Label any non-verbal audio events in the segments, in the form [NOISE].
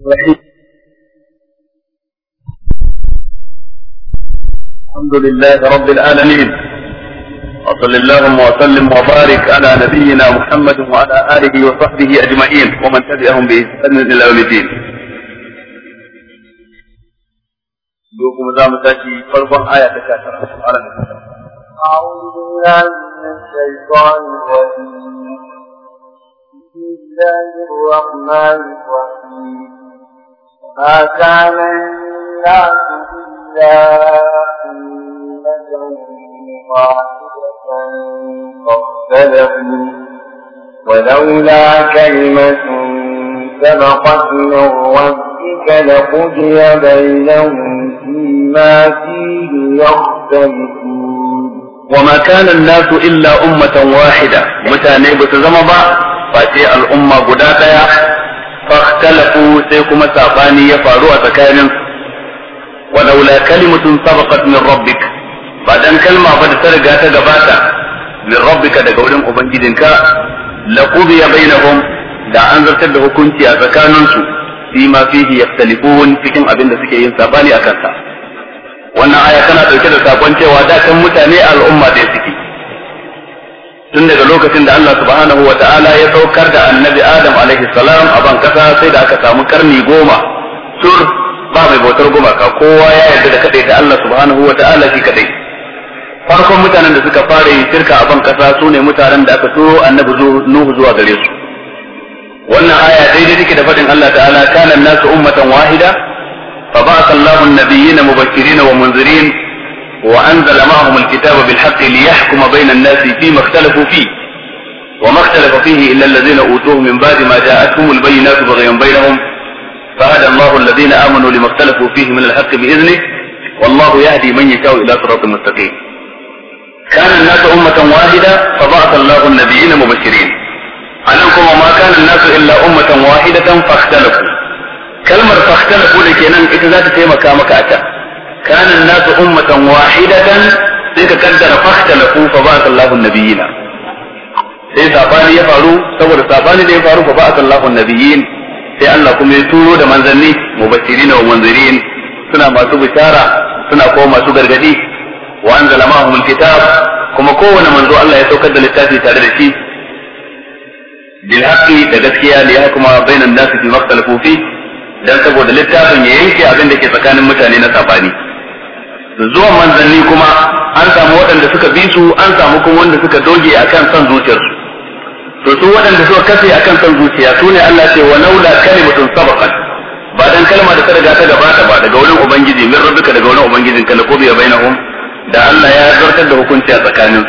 الرحيم الحمد لله رب العالمين وصل اللهم وسلم وبارك على نبينا محمد وعلى اله وصحبه اجمعين ومن تبعهم باحسان الى يوم الدين يوكم زام تاتي فرقا آية على أعوذ بالله من الشيطان الرجيم بسم الله الرحمن الرحيم ما كان الناس إلا أمة واحدة ولولا كلمة سبقت من ربك لقضي بينهم فيما فيه يختلفون وما كان الناس إلا أمة واحدة متى نيبت زمبا فاتي الأمة قدادا فاختلفوا سيكما ساباني يفعلوا أتكان ولولا كلمة سبقت من ربك بعدن كلمة فتسرق تقباتا من ربك دقولهم أبنجدنك لقضي بينهم da an zartar da hukunci a tsakaninsu fi ma fihi yaktalifun cikin abin da suke yin sabani a kansa wannan aya tana dauke da sakon cewa da kan mutane al'umma da suke tun daga lokacin da Allah subhanahu wa ta'ala ya saukar da annabi Adam alaihi salam a ban kasa sai da aka samu karni goma sur ba mai bautar gumaka kowa ya yarda da kadai da Allah subhanahu wa ta'ala shi kadai farkon mutanen da suka fara yin shirka a ban kasa su ne mutanen da aka turo annabi Nuhu zuwa gare su wannan aya daidai take da faɗin Allah ta'ala kana nasu ummatan wahida fa ba'atha an-nabiyyina mubashirin wa munzirin وأنزل معهم الكتاب بالحق ليحكم بين الناس فيما اختلفوا فيه وما اختلف فيه إلا الذين أوتوه من بعد ما جاءتهم البينات بغيا بينهم فهدى الله الذين آمنوا لما اختلفوا فيه من الحق بإذنه والله يهدي من يشاء إلى صراط مستقيم كان الناس أمة واحدة فبعث الله النبيين مبشرين أنكم وما كان الناس إلا أمة واحدة فاختلفوا كلمة فاختلفوا لكي ita za ta taimaka maka kana nasu ummatan wahidatan sai ka kaddara fahtalafu fa ba'atha nabiyina sai sabani ya faru saboda sabani da ya faru fa ba'atha Allahu nabiyin sai Allah kuma ya turo da manzanni mubassirina wa munzirin suna masu bishara suna kuma masu gargadi wa anzala ma'ahum kitab kuma kowane manzo Allah ya saukar da littafi tare da shi bil haqqi da gaskiya da ya hukuma bainan nasi fi maktalafu fi dan saboda littafin ya yanke abin da ke tsakanin mutane na sabani zuwan manzanni kuma an samu waɗanda suka bi su an samu kuma wanda suka doge akan son zuciyarsu to su waɗanda suka kafe akan son zuciya su ne Allah ce wa laula kalimatun sabaqat ba dan kalma da ta riga ta gabata ba daga wurin ubangiji min rabbika daga wurin ubangijin kana ko biya bainahum da Allah ya zartar da hukunci a su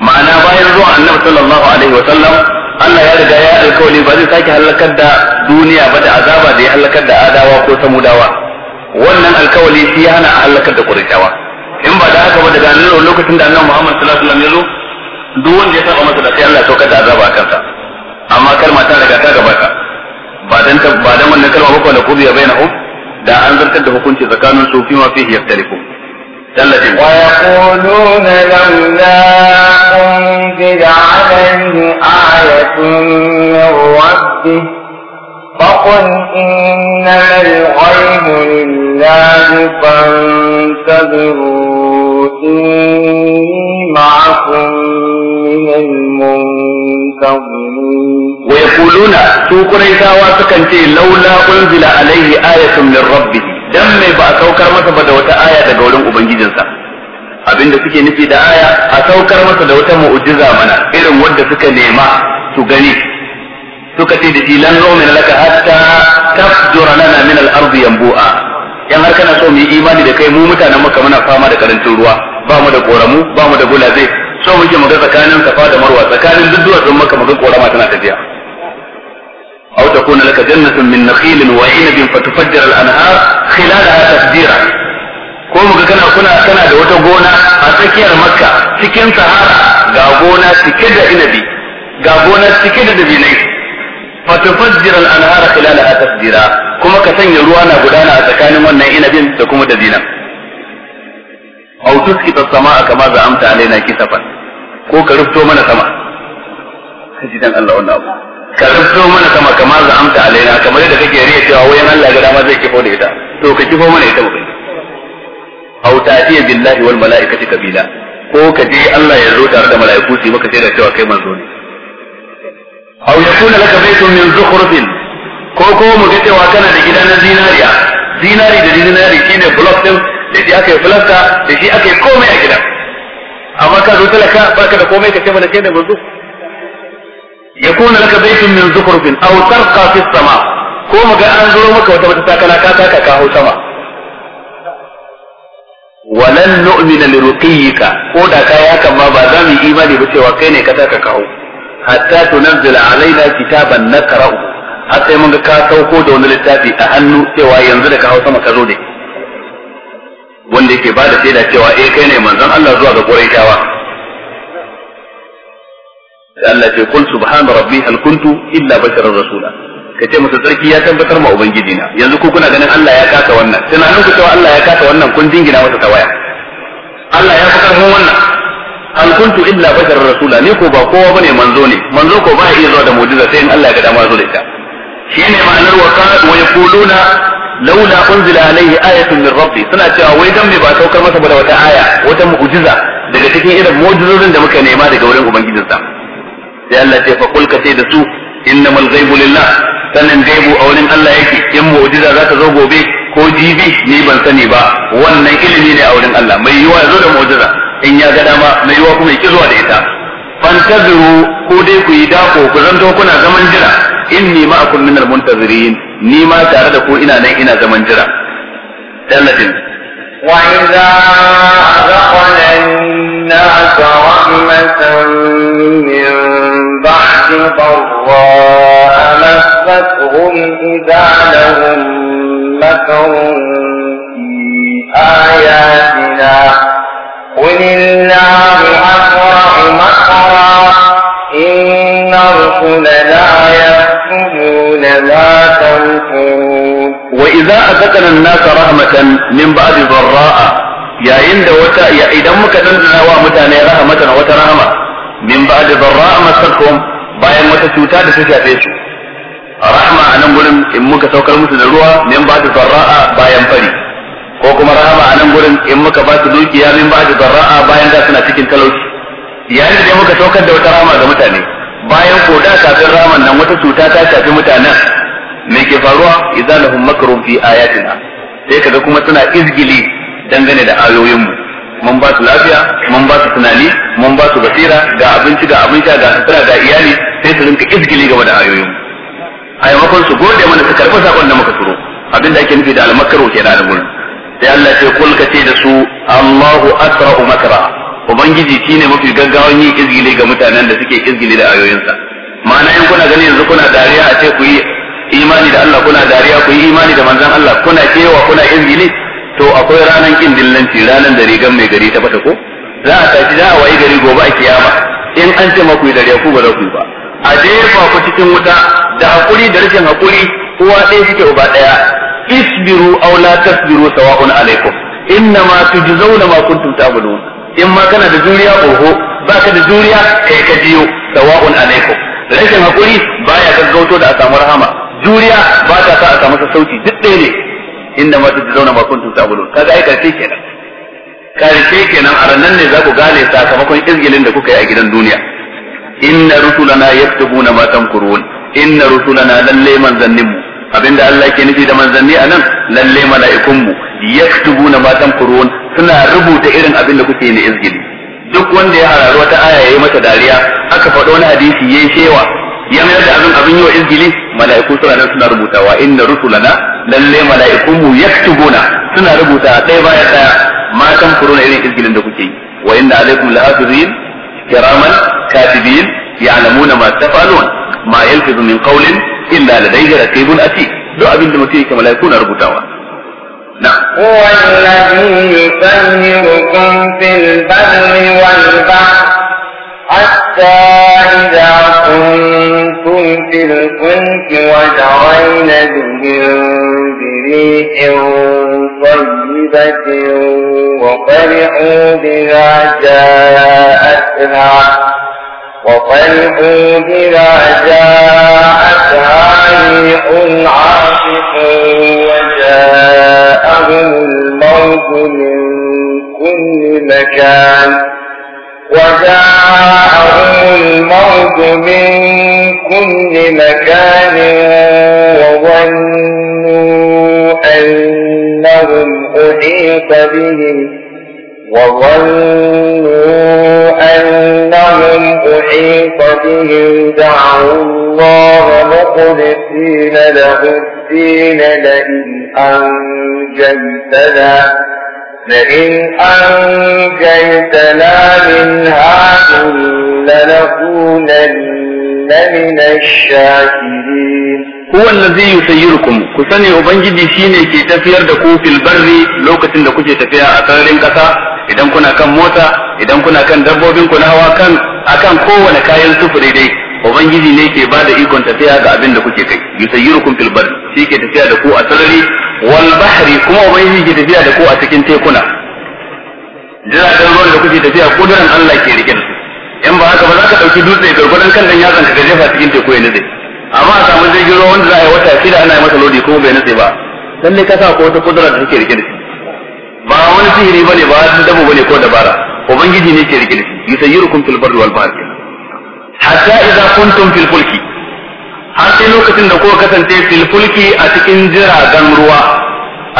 ma'ana bayan zuwan annabi sallallahu alaihi wa sallam Allah ya riga ya alƙawari ba zai sake halakar da duniya ba da azaba da ya halakar da adawa ko samudawa wannan alkawali shi hana a halakar da qurayshawa in ba da haka ba daga nan lokacin da annabi Muhammad sallallahu alaihi wasallam ya zo duk wanda ya saba masa da sai Allah ya saukar da azaba a kansa amma kalma ta riga ta gabata ba dan ba dan wannan kalma ba da kubiya bainahum da an zartar da hukunci tsakanin su fi ma fihi yaftariqun ويقولون لولا أنزل عليه آية ayatun ربه فقل إن الغيب لله فانتظروا إني معكم من المنتظرين ويقولون سوكنا يساوى سكنتي لولا أنزل عليه آية من ربه dan mai ba a saukar masa ba da wata aya abinda suke nufi da aya a saukar masa da wata mu'ujiza mana irin wanda suka nema su gani suka ce da ilan nu'mina laka hatta tafjura lana min al-ardi yanbu'a yan har kana so mu yi imani da kai mu mutanen maka muna fama da karancin ruwa ba mu da koramu ba mu da gulabe so muke mu ga tsakanin safa da marwa tsakanin duk duwatsun maka mu ga korama tana tafiya أو تكون لك جنة من نخيل وعنب فتفجر الأنهار خلالها تفجيرا ko muka kana kuna kana da wata gona a tsakiyar makka cikin sahara ga gona cike da inabi ga gona cike da dabinai fatufajjir al-anhara khilalaha tafjira kuma ka sanya ruwa na gudana a tsakanin wannan inabin da kuma dabinan aw tuskita as-samaa kama za'amta alaina kisafan ko ka rufto mana sama kaji dan Allah wannan abu ka rufto mana sama kama amta alaina kamar yadda kake riya cewa wayan Allah ga dama zai kifo da ita to ka kifo mana ita mukai aw ta'tiya billahi wal mala'ikati kabila ko kaje Allah ya zo tare da mala'iku su maka sai da cewa kai manzo ne aw yakuna laka baytun min zukhrufin ko ko mu ga cewa kana da gida zinariya zinari da zinari shine block din da shi ake yi filasta da shi ake komai a gidan amma ka zo talaka baka da komai ka ce mana kai da manzo yakuna laka baytun min zukhrufin aw tarqa fi sama ko mu ga an zo maka wata wata takala ka taka ka hau sama walan nu'mina liruqiyika ko da kai hakan ma ba za mu yi imani ba cewa kai ne ka taka ka hau hatta tunzila alaina kitaban nakra'u har sai mun ga ka sauko da wani littafi a hannu cewa yanzu da ka hau sama ka zo ne wanda yake ba da shaida cewa eh kai ne manzon Allah zuwa ga Qurayshawa Allah ce kul subhana rabbi hal kuntu illa basharar rasula kace musu sarki ya tabbatar ma ubangiji na yanzu ku kuna ganin Allah ya kasa wannan tunanin ku cewa Allah ya kasa wannan kun jingina masa tawaya Allah ya fi karfin wannan an kuntu illa basharar rasula ni ko ba kowa bane manzo ne manzo ko ba iya zuwa da mu'jiza sai in Allah ya ga dama zo da ita ne ma'anar wa ka wa yaquluna laula unzila alayhi ayatun min rabbi suna cewa wai dan me ba saukar masa da wata aya wata mu'jiza daga cikin irin mu'jizozin da muka nema daga wurin ubangijinsa sai Allah ya fa ka sai da su innamal ghaibu lillah sanin ghaibu a wurin Allah yake in mu'jiza za ta zo gobe ko jibi ni ban sani ba wannan ilimi ne a wurin Allah mai yiwa ya zo da mu'jiza in ya ga dama mai yiwa kuma yake zuwa da ita fantaziru ko dai ku yi dako ku zanto kuna zaman jira inni akun minal muntazirin ni ma tare da ku ina nan ina zaman jira dallatin wa idza azaqna an-nas rahmatan min ba'di قل الله أكبر إن الرسل لا يكفلون ما تنكرون وإذا أذكر الناس رحمة من بعد ضراء يا إن دوتا يا إذا مكتن نوى متانى رحمة وترحمة من بعد ضراء مسكم bayan wata cuta da ta shafe su rahma a nan gurin من بعد saukar musu da ko kuma rahama a nan gurin in muka ba su dukiya min ba da zarra'a bayan da suna cikin talauci yayin da muka saukar da wata rama ga mutane bayan ko da kafin raman nan wata cuta ta shafi mutanen me ke faruwa idan lahum makrun fi ayatina sai kaga kuma suna izgili dangane da ayoyin mu mun ba su lafiya mun ba su tunani mun ba su basira ga abinci ga abin sha ga sutura ga iyali sai su rinka izgili game da ayoyin mu a yamakon su gode mana su karɓi sakon da muka turo abin da ake nufi da almakaru ke da gurin sai Allah ce kul ka ce da su Allahu asra'u makra ubangiji shine mafi gaggawan yin izgili ga mutanen da suke izgili da ayoyinsa ma'ana in kuna gani yanzu kuna dariya a ce ku yi imani da Allah kuna dariya ku yi imani da manzon Allah kuna kewa kuna izgili to akwai ranan kin dillanci ranan da rigan mai gari ta bata ko za a tafi za a wayi gari gobe a kiyama in an ce maku yi dariya ku ba za ku ba a jefa ku cikin wuta da hakuri da rashin hakuri kowa ɗaya suke uba ɗaya isbiru aw la tasbiru sawa'un alaikum innama tujzauna ma kuntum ta'malun in ma kana da juriya oho baka da juriya kai ka biyo sawa'un alaykum rashin hakuri baya gaggauto da a samu rahama juriya ba ta sa a samu sauki duk ɗaya ne inda ma tujzauna ma kuntum ta'malun kaga ai karshe kenan karshe kenan a ranan ne za ku gane sakamakon izgilin da kuka yi a gidan duniya inna rusulana yaktubuna ma tamkurun inna rusulana lalle manzanninmu Abin da Allah ke nufi da manzanni a nan lalle mala'ikunmu na matan tanfurun suna rubuta irin abin da kuke na izgili duk wanda ya hararru wata aya ya yi mata dariya aka faɗo wani hadisi yi shewa ya mayar da abin abin yi wa izgili mala'iku suna nan suna rubutawa inna rusulana lalle mala'ikunmu yaktubuna suna rubuta a ɗaya bayan ɗaya matan na irin izgilin da kuke yi wa inna alaikum la'afirin kiraman katibin ya'lamuna ma tafalun ma yalfizu min qawlin إلا لديه رقيب atid duk abin da كما لا يكون na نعم هو الذي يسيركم في البر والبحر حتى إذا كنتم في الفلك وجرين بهم بريح طيبة وفرحوا بها جاءتها وقلبه بما جاءت عريح عاصف وجاءهم الموت من كل مكان وجاءهم الموت من كل مكان وظنوا أنهم أحيط بهم وظنوا أنهم أحيط بهم دعوا الله مخلصين له الدين لئن أنجيتنا لئن أنجيتنا من هذه لنكونن من الشاكرين huwa allazi yusayyirukum ku sani ubangiji shine ke tafiyar da kofin fil barri lokacin da kuke tafiya a sararin ƙasa? idan kuna kan mota idan kuna kan dabbobin ku na hawa kan akan kowane kayan sufuri dai ubangiji ne ke bada ikon tafiya ga abin da kuke kai yusayyirukum fil barri shi ke tafiya da ku a sarari wal bahri kuma ubangiji ke tafiya da ku a cikin tekuna jiragen ruwan da kuke tafiya kuduran Allah ke rike da in ba haka ba za ka dauki dutse gargwadon kan dan yatsan ka jefa cikin teku ya dai amma a samu jirgin ruwa wanda za a yi wata shida ana yi masa lodi kuma bai nutse ba dan ka sa ko wata kudura da kake rike da shi ba wani sihiri bane ba wani dabo bane ko dabara ubangiji ne ke rike da shi yusayyirukum fil barri wal bahr hatta idza kuntum fil fulki har sai lokacin da kuka kasance fil fulki a cikin jiragen ruwa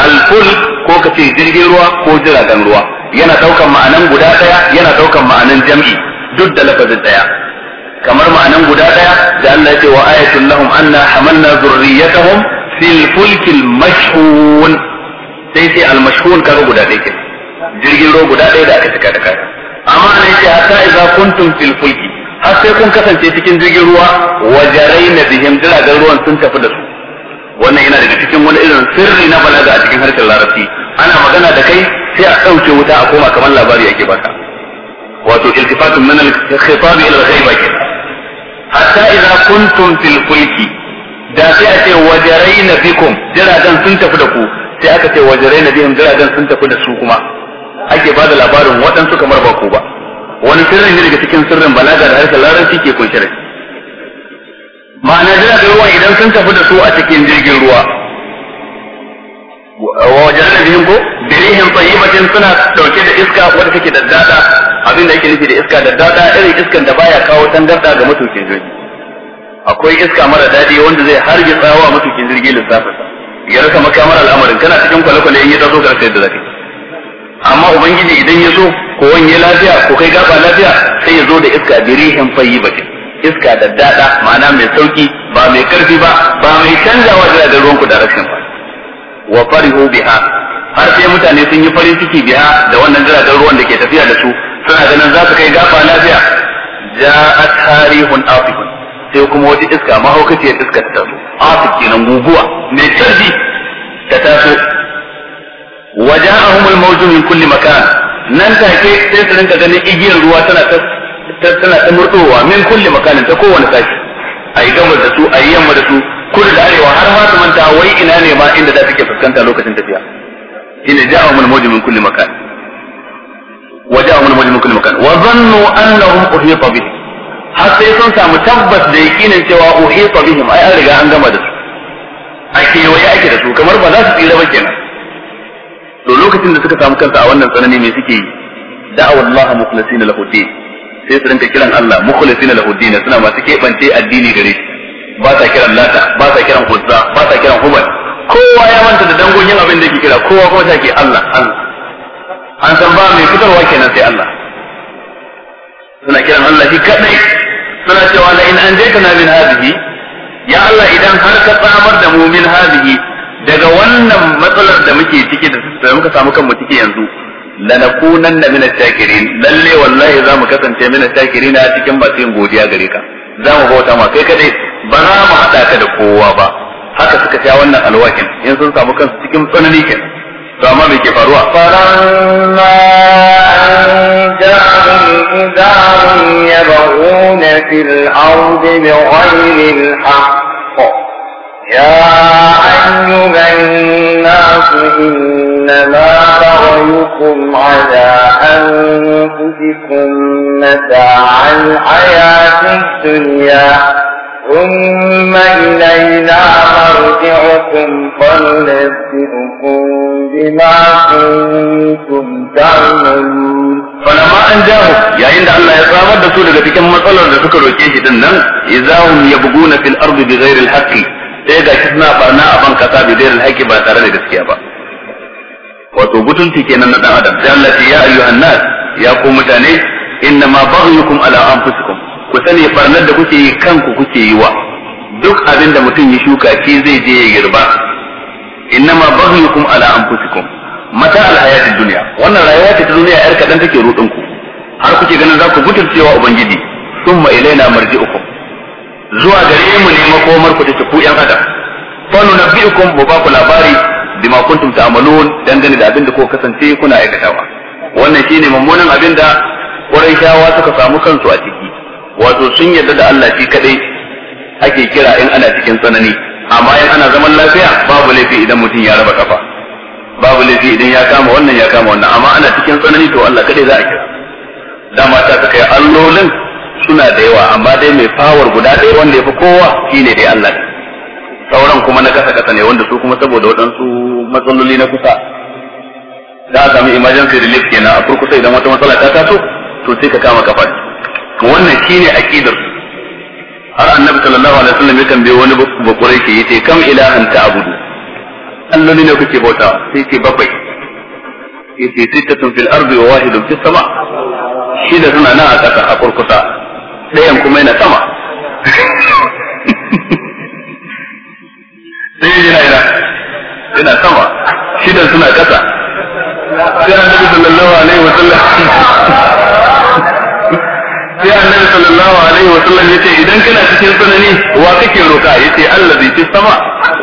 al fulk ko kace jirgin ruwa ko jiragen ruwa yana daukan ma'anan guda daya yana daukan ma'anan jam'i duk da lafazin daya kamar ma'anan guda daya da Allah ya ce wa ayatul lahum anna hamalna zurriyatahum fil fulkil mashhun sai sai almashhun kaga guda ɗaya kenan jirgin ruwa guda ɗaya da aka cika da kaya amma ne yake hatta idza kuntum fil fulki har sai kun kasance cikin jirgin ruwa wajaraina bihim jiragen ruwan sun tafi da su wannan yana daga cikin wani irin sirri na balaga a cikin harshen larabci ana magana da kai sai a ɗauke wuta a koma kamar labari ake baka wato iltifatun min al-khitab ila al-ghaiba kenan hatta idza kuntum fil fulki da sai a ce wajaraina bikum jiragen sun tafi da ku sai aka ce wajirai na biyun jiragen sun tafi da su kuma ake ba da labarin waɗansu kamar ba ku ba wani sirrin ne daga cikin sirrin balaga da harshen larabci ke kunshe da ma'ana jiragen ruwa idan sun tafi da su a cikin jirgin ruwa wa wajirai na biyun ko birihin tsayibatin suna ɗauke da iska wadda take da dada abin da yake nufi da iska da dada irin iskan da baya kawo tangarda ga matukin jirgi akwai iska mara daɗi wanda zai hargitsawa matukin jirgi lissafinsa ya rasa makamar al'amarin kana cikin kwale-kwale in ya taso ka rasa yadda zaka amma ubangiji idan ya so ko ya lafiya ko kai gaba lafiya sai ya zo da iska birihin bakin iska da dada ma'ana mai sauki ba mai karfi ba ba mai canzawa da ruwan ku da rashin ba wa farihu biha har sai mutane sun yi farin ciki biha da wannan jiragen ruwan da ke tafiya da su suna ganin za su kai gafa lafiya ja'at harihun afihun sai kuma wata iska mahaukaciyar iska ta taso asik kenan guguwa mai tarbi ta taso waja'ahum al-mawju min kulli makan nan take sai su rinka ganin igiyar ruwa tana ta tana ta murdowa min kulli makanin ta kowane sashi yi gabar da su yi yamma da su kudu da arewa har ma su manta wai ina ne ma inda da take fuskanta lokacin tafiya ina ja'ahum al-mawju min kulli makan وجاءهم min kulli makan wa zannu annahum احيط bihi har sai sun samu tabbas da yakinin cewa ta bihim ai an riga an gama da su a kewaye ake da su kamar ba za su tsira ba kenan to lokacin da suka samu kansa a wannan tsanani ne suke yi da'awul Allah mukhlisina lahu din sai su rinka kiran Allah mukhlisina lahu din suna masu keɓance addini gare shi ba sa kiran lata ba sa kiran kuzza ba sa kiran hubal kowa ya manta da dangon yin abin da yake kira kowa kuma take Allah Allah an san ba mai fitarwa kenan sai Allah suna kiran Allah shi kadai suna cewa la in an anjaytana min hadhihi ya Allah idan har ka tsamar da mu min hadhihi daga wannan matsalar da muke ciki da muka samu kanmu ciki yanzu lanakunanna min ash-shakirin lalle wallahi za mu kasance min ash-shakirin a cikin masu yin godiya gare ka za mu bauta ma kai kadai ba za mu hada ka da kowa ba haka suka sha wannan alwakin in sun samu kansu cikin tsanani kenan to amma me ke faruwa falamma anjahum idza yabghuna fil ardi bighayri al-haqq ya ayyuhan nas إنما بغيكم على أنفسكم متاع الحياة الدنيا ثم إلينا مرجعكم فننبئكم بما كنتم تعملون فلما samar يا su الله يصاب الرسول الذي كان مطلع لفكر وكيه دنن إذا هم يبغون في الأرض بغير الحق sai ga shi suna barna a ban kasa bi dairin haƙƙi ba tare da gaskiya ba wato butunci kenan na dan adam sai Allah ya ayyuhan nas ya ku mutane inna ma baghyukum ala anfusikum ku sani farnar da kuke yi kanku kuke yi wa duk abin da mutum ya shuka shi zai je ya girba innama baghyukum ala anfusikum mata alhayatid dunya wannan rayuwa ta duniya yar kadan take rudin ku har kuke ganin za ku gutulcewa ubangiji thumma ilaina marji'ukum zuwa gare mu ne makomar ku take ku yan adam fa nunabbi'ukum mu ba ku labari bima kuntum ta'malun dangane da abin da kuka kasance kuna aikatawa wannan shine mummunan abin da shawa suka samu kansu a ciki wato sun yarda da Allah shi kadai ake kira in ana cikin tsanani amma in ana zaman lafiya babu laifi idan mutum ya raba kafa babu laifi idan ya kama wannan ya kama wannan amma ana cikin tsanani to Allah kadai za a kira dama ta suka yi allolin suna da yawa amma dai mai fawar guda ɗaya wanda ya fi kowa shine dai Allah sauran kuma na kasa kasa ne wanda su kuma saboda waɗansu matsaloli na kusa za a sami emergency relief kenan a kurkusa idan wata matsala ta taso to sai ka kama kafa to wannan shine aqidar har annabi sallallahu alaihi wasallam ya tambaye wani bakurai ke yace kam ilahan ta'budu alloli ne kuke bauta sai ke bakwai yace sittatun fil ardi wa wahidun fis sama shida suna nan a kasa a kurkusa ɗayan kuma yana sama sai [LAUGHS] yana yana yana sama shidan suna kasa sai annabi sallallahu alaihi wasallam [LAUGHS] sai annabi sallallahu alaihi wa sallam yace idan kana cikin tsanani wa kake roka yace Allah zai ce sama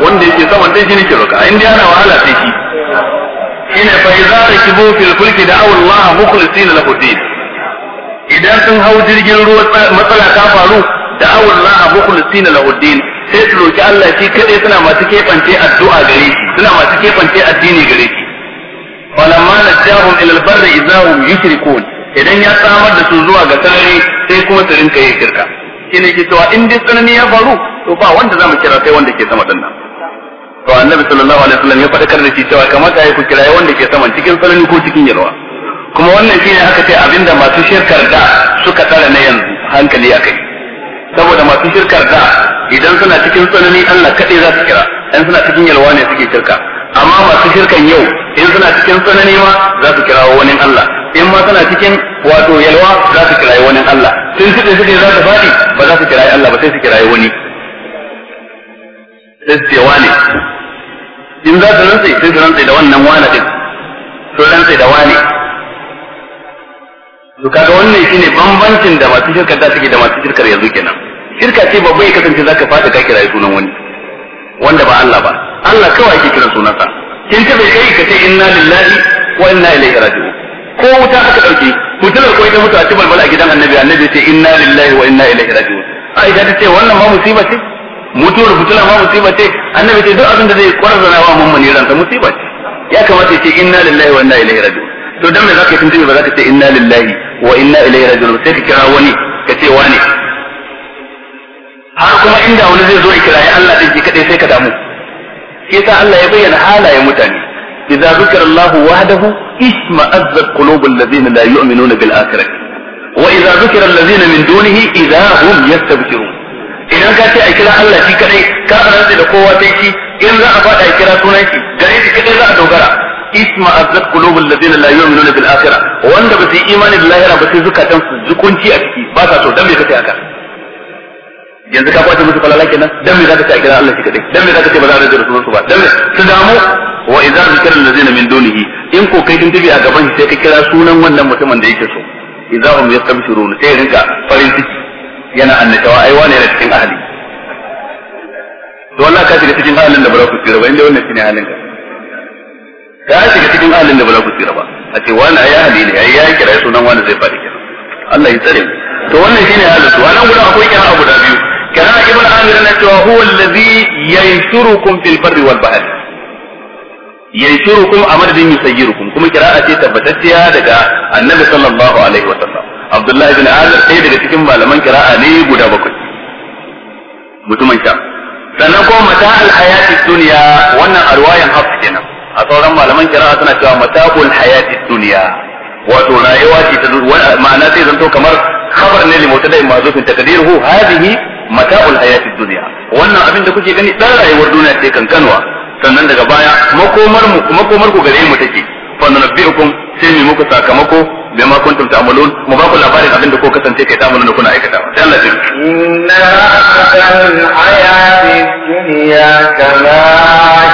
wanda yake sama dai shi nake roka in dai ana wahala sai shi ina fa idza rakibu fil fulki da Allah mukhlisina lahu din idan sun hau jirgin ruwa matsala ta faru da Allah mukhlisina lahu din sai su roki Allah shi kadai suna masu kebance addu'a gare shi suna masu kebance addini gare shi falamma najahum ila al-barri idza hum yushrikun idan ya samar da su zuwa ga sarari sai kuma su rinka yin shirka ne ke cewa in dai tsanani ya faru to ba wanda za mu kira sai wanda ke sama din to annabi sallallahu alaihi wasallam ya faɗakar da shi cewa kamata ya ku kira wanda ke sama cikin tsanani ko cikin yalwa kuma wannan shine aka ce abinda masu shirkar da suka tsara na yanzu hankali akai saboda masu shirkar da idan suna cikin tsanani Allah kaɗai za su kira idan suna cikin yalwa ne suke shirka amma masu shirkan yau in suna cikin tsanani ma za su kirawo wani Allah in ma suna cikin wato yalwa za su kirayi wani Allah sun shi suke za su faɗi ba za su kirayi Allah ba sai su kirayi wani sai su ce wane in za su rantsa sai su rantsa da wannan wane din to rantsa da wane to kaga wannan shine bambancin da masu shirkar da suke da masu shirkar yanzu kenan shirka ce babba ya kasance ka faɗi ka kirayi sunan wani wanda ba Allah ba Allah kawai ake kiran sunansa kin bai kai ka ce inna lillahi wa inna ilaihi raji'un ko wuta aka dauke fitilar ko ita mutu a tibal bal a gidan annabi annabi ce inna lillahi wa inna ilaihi raji'un aisha ta ce wannan ma musiba ce mutuwar fitila ma musiba ce annabi ce duk abin da zai kwarzana wa mummuni ransa musiba ce ya kamata ya ce inna lillahi wa inna ilaihi raji'un to dan me zaka yi tuntube ba zaka ce inna lillahi wa inna ilaihi raji'un sai ka kira wani ka ce wani inda wani zai zo ikirayi Allah din shi kadai sai ka damu shi yasa Allah ya bayyana halayen mutane idza zukira Allah wahdahu isma'azzat qulubul ladzina la yu'minuna bil akhirah wa idza zukira alladzina min dunihi idza hum yastabshirun idan ka ce a kira Allah shi kadai ka rantsa da kowa sai shi in za a fada a kira sunan shi gare shi kadai za a dogara isma azzat qulubul ladina la yu'minuna bil akhirah wanda ba su imani da lahira ba sai zukatan su zukunci a ciki ba sa to dan me kace haka yanzu ka kwace musu falala kenan dan me zaka ce a kira Allah shi kadai dan me zaka ce ba za a rage sunansu ba dan me su damu wa idza zikra allazina min dunihi in ko kai din tabi a gaban shi sai ka kira sunan wannan mutumin da yake so idza hum yastabshirun sai rinka farin ciki yana annatawa ai wani yana cikin ahli to Allah ka shiga cikin halin da ba za ku tsira ba inda wannan shine halin ka ka shiga cikin halin da ba za ku tsira ba a ce wani ai ahli ne ai ya kira sunan wani zai faɗi kenan Allah ya tsare to wannan shine halin su wannan gudan akwai kira abu da biyu كان ابن عامر أنا هو الذي ينشركم في البر والبحر ينشركم أمر يسيركم كما قراءة تبتتها لدى النبي صلى الله عليه وسلم عبد الله بن عامر سيد لكتم malaman قراءة لي guda bakwai mutumin sham sannan ko mata alhayati duniya wannan arwayan hafs kenan a sauran malaman kira'a suna cewa mata'ul hayati duniya wato rayuwa ce ta ma'ana sai zanto kamar khabar ne limutadai mazufin takdiruhu hadhihi mata'ul hayatid dunya wannan abin da kuke gani dan rayuwar duniya ce kankanwa sannan daga baya makomar mu makomar ku gare mu take fa nabbi'ukum sai mu muku sakamako bima kuntum ta'malun mu ba ku labarin abin da ko kasance kai ta'malun da kuna aikata sai Allah ya inna al hayati dunya kama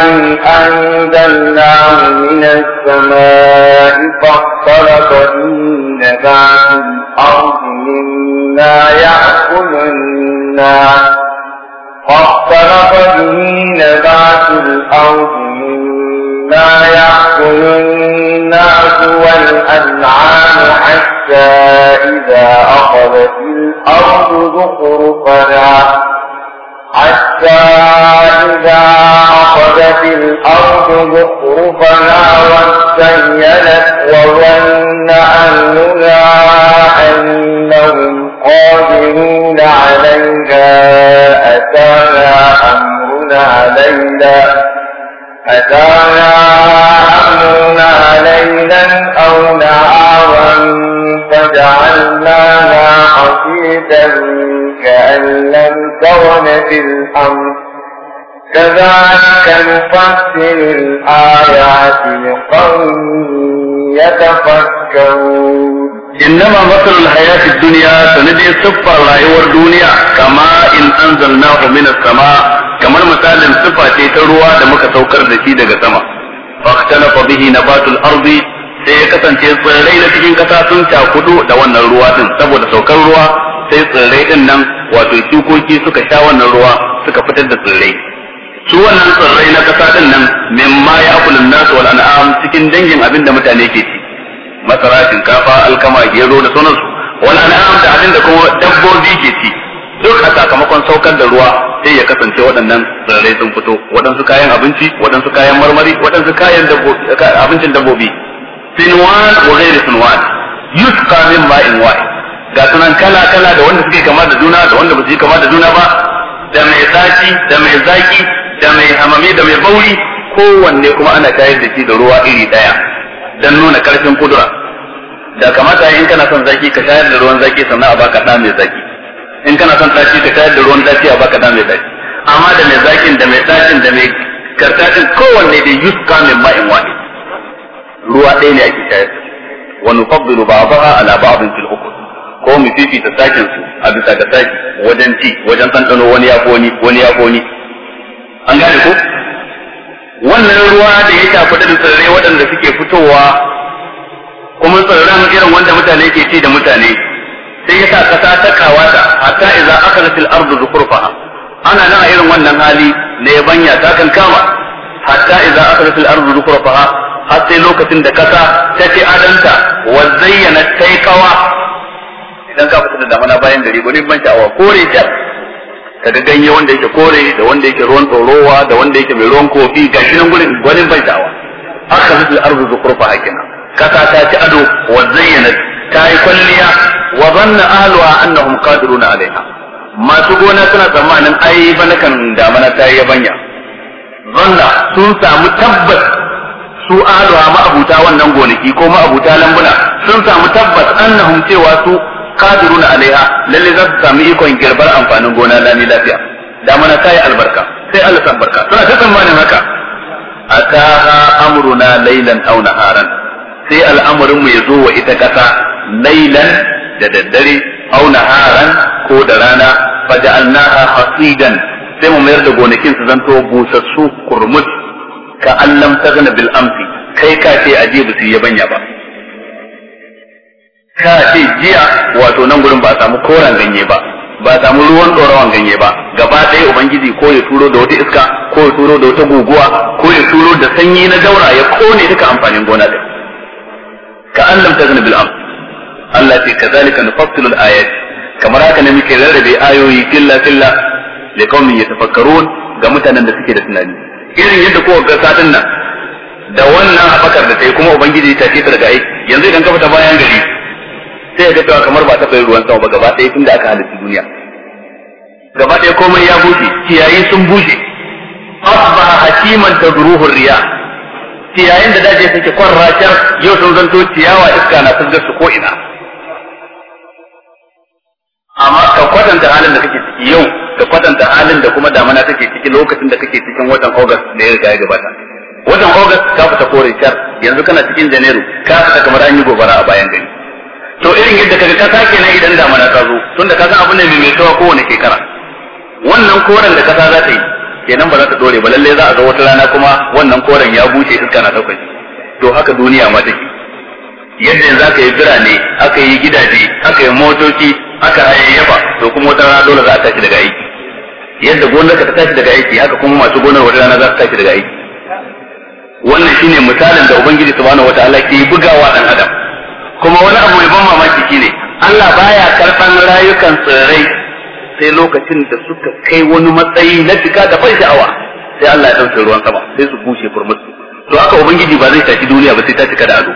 in anzalnahu minas samai fahtalaqa inna ba'dul ardi mimma ya'kulun nas فاختلط به نبات الأرض مما ما يأكل الناس والأنعام حتى إذا أخذت الأرض زخرفها حتى إذا أخذت الأرض زخرفها وازينت وظن أهلها أنهم قادرون عليها أتاها أمرنا ليلا أتانا أمرنا ليلا أو نهارا فجعلناها حصيدا كأن لم تغن في الأمر كذلك نفصل الآيات لقوم يتفكرون innama masalul duniya, dunya sanadi siffar rayuwar duniya kama in anzalnahu minas sama kamar misalin siffa ta ruwa da muka saukar da shi daga sama fahtalafa bihi nabatul ardi sai ya kasance tsirrai na cikin kasa cakudu da wannan ruwa din saboda saukar ruwa sai tsirrai din wato cikoki suka sha wannan ruwa suka fitar da tsirrai su wannan tsirrai na kasa ɗinnan, nan mimma ya akulun nasu wal an'am cikin dangin abinda mutane ke masara shinkafa alkama gero da sauransu wani an'am da abin da kuma dabbobi ke ci duk a sakamakon saukar da ruwa sai ya kasance waɗannan tsirrai sun fito waɗansu kayan abinci waɗansu kayan marmari waɗansu kayan abincin dabbobi sinwan wa ghairi sinwan yusqa min ma'in wahid ga sunan kala kala da wanda suke kama da juna da wanda ba su yi kama da juna ba da mai zaki da mai zaki da mai hamami da mai bauri kowanne kuma ana tayar da shi da ruwa iri daya dan nuna karfin kudura da kamata in kana son zaki ka shayar da ruwan zaki sannan a baka da mai zaki in kana son tashi ka shayar da ruwan zaki a baka da mai zaki amma da mai zakin da mai tashin da mai karkashin kowanne da ka min ma'in wani ruwa ɗaya ne ake shayar wa nufaddilu ba'daha ala ba'din fil hukm ko mu fifita sakin su a bisa ga saki wajen ci wajen dano wani ya wani wani ya an gane ko wannan ruwa da ya tafi da tsirrai waɗanda suke fitowa kuma tsirran irin wanda mutane ke ci da mutane sai ya sa kasa ta kawata hatta idza akhadhat al ardu zukhrufaha ana nan irin wannan hali na yabanya ta kan kama hatta idza akhadhat al-ard zukhrufaha har sai lokacin da kasa ta ci adanta wa zayyana taykawa idan ka fita da damana bayan gari gwanin ban sha'awa kore jar. kaga ganye wanda yake kore da wanda yake ruwan tsorowa da wanda yake mai ruwan kofi gashi nan gurin gwanin bai dawa aka zuci arzu zukurfa hakina kasa ta ci ado wa zayyana ta yi kwalliya wa zanna ahluha annahum qadiruna alaiha masu gona suna tsammanin ai bana kan damana ta yi yabanya zanna sun samu tabbas su ahluha ma'abuta wannan gonaki ko ma'abuta lambuna sun samu tabbas annahum cewa su Kadiru na alaiha lalle za su sami ikon girbar amfanin gona ni lafiya damana ta yi albarka sai Allah san barka suna ta tsammanin haka ataha amruna laylan aw naharan sai al'amarin mu yazo wa ita kasa laylan da daddare aw naharan ko da rana faja'alnaha hasidan sai mu mayar da gonakin su zanto busassu kurmus ka allam tagna bil amsi kai ka ce aje su yabanya ba ka ce jiya wato nan gurin ba a samu koran ganye ba ba a samu ruwan dorawan ganye ba gaba ɗaya ubangiji ko ya turo da wata iska ko ya turo da wata guguwa ko ya turo da sanyi na daura ya kone duka amfanin gona ɗin ka an lam tazni bil Allah ce kazalika nufassilu al ayat kamar haka ne muke rarrabe ayoyi killa killa li qaumin yatafakkarun ga mutanen da suke da tunani irin yadda kowa ga satin nan da wannan abakar da ta yi kuma ubangiji ta ce daga aiki yanzu idan ka fita bayan gari sai ga cewa kamar ba ta yin ruwan sama ba gaba ɗaya tun da aka halitta duniya gaba ɗaya komai ya bushe ciyayi sun bushe asba hakiman tadruhu riya ciyayin da daje suke kwarracar yau sun zanto ciyawa iska na sun su ko ina amma ka kwatanta halin da kake ciki yau ka kwatanta halin da kuma damana take ciki lokacin da kake cikin watan August da ya riga ya gabata watan August ka fita kore yanzu kana cikin Janairu ka fita kamar an yi gobara a bayan gari to irin yadda kaga kasa kenan idan damana ta zo tunda kaga abu ne mai mai kowane shekara wannan koren da kasa za ta yi kenan ba za ta dore ba lalle za a ga wata rana kuma wannan koren ya bushe iska na daukar to haka duniya ma take yadda yanzu aka yi birane aka yi gidaje aka yi motoci aka hayayyafa to kuma wata rana dole za a tashi daga aiki yadda gonar ka ta tashi daga aiki haka kuma masu gonar wata rana za su tashi daga aiki wannan shine misalin da ubangiji subhanahu wataala ke bugawa dan adam kuma wani abu mai ban mamaki shine Allah baya karban rayukan tsirrai sai lokacin da suka kai wani matsayi na cika da ban sha'awa sai Allah ya dauke ruwan sama sai su bushe furmutsu to haka ubangiji ba zai tafi duniya ba sai ta cika da ado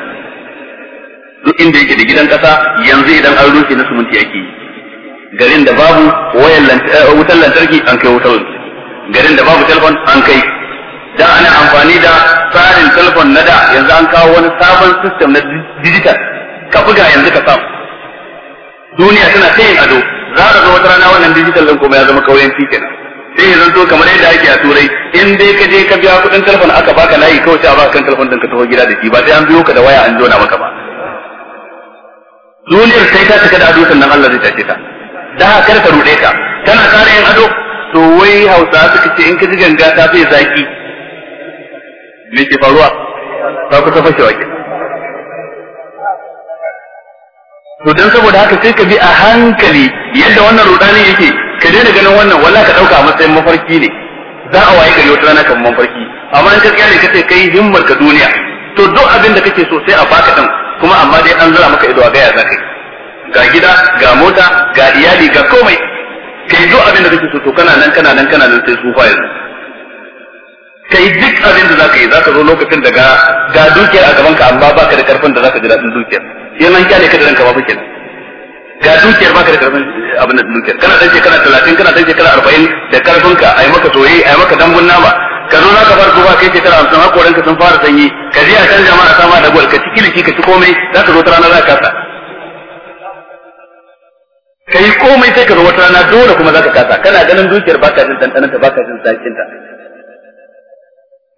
duk inda yake da gidan kasa yanzu idan an rushe na suminti yake yi garin da babu wayan eh, wutar lantarki an kai wutar garin da babu telefon an kai da ana amfani da tsarin telefon na da yanzu an kawo wani sabon system na digital ka buga yanzu ka samu duniya tana ta yin ado za ka zo wata rana wannan digital din kuma ya zama kauyanci kenan sai ya zanto kamar yadda ake a turai in dai ka je ka biya kuɗin telefon aka baka layi kawai sai a baka kan telefon din ka taho gida da shi ba sai an biyo ka da waya an jona maka ba duniyar sai ta cika da ado sannan Allah zai tace ta da haka ka rude ka kana kare yin ado to wai Hausa suka ce in ka ji ganga ta fi zaki me ke faruwa ta ta fashewa kenan to dan saboda haka sai ka bi a hankali yadda wannan rudani yake ka daina ganin wannan wallahi ka dauka a matsayin mafarki ne za a waye gari wata rana kan mafarki amma in ka tsaya ne kace kai himmar ka duniya to duk abin da kake so sai a baka din kuma amma dai an zura maka ido a gaya za kai ga gida ga mota ga iyali ga komai kai duk abin da kake so to kana nan kana nan kana nan sai su fa kai duk abin da zaka yi zaka zo lokacin da ga dukiyar a gaban ka amma baka da karfin da zaka ji dadin dukiyar yan an kyale ka da ranka ba fa kenan ga dukiyar baka da karfin eh, abin da dukiyar kana dan shekara 30 kana dan shekara 40 da karfin ka ayi maka soyayya ayi maka dambun nama ka zo zaka bar duba kai shekara 50 hakoran ka sun fara sanyi ka je a san jama'a sama da gol ka ci kiliki ka ci komai za ka zo ta rana za ka kasa ka yi komai sai ka zo wata rana dole kuma za ka kasa kana ganin dukiyar baka jin dandanan ta baka jin zakin ta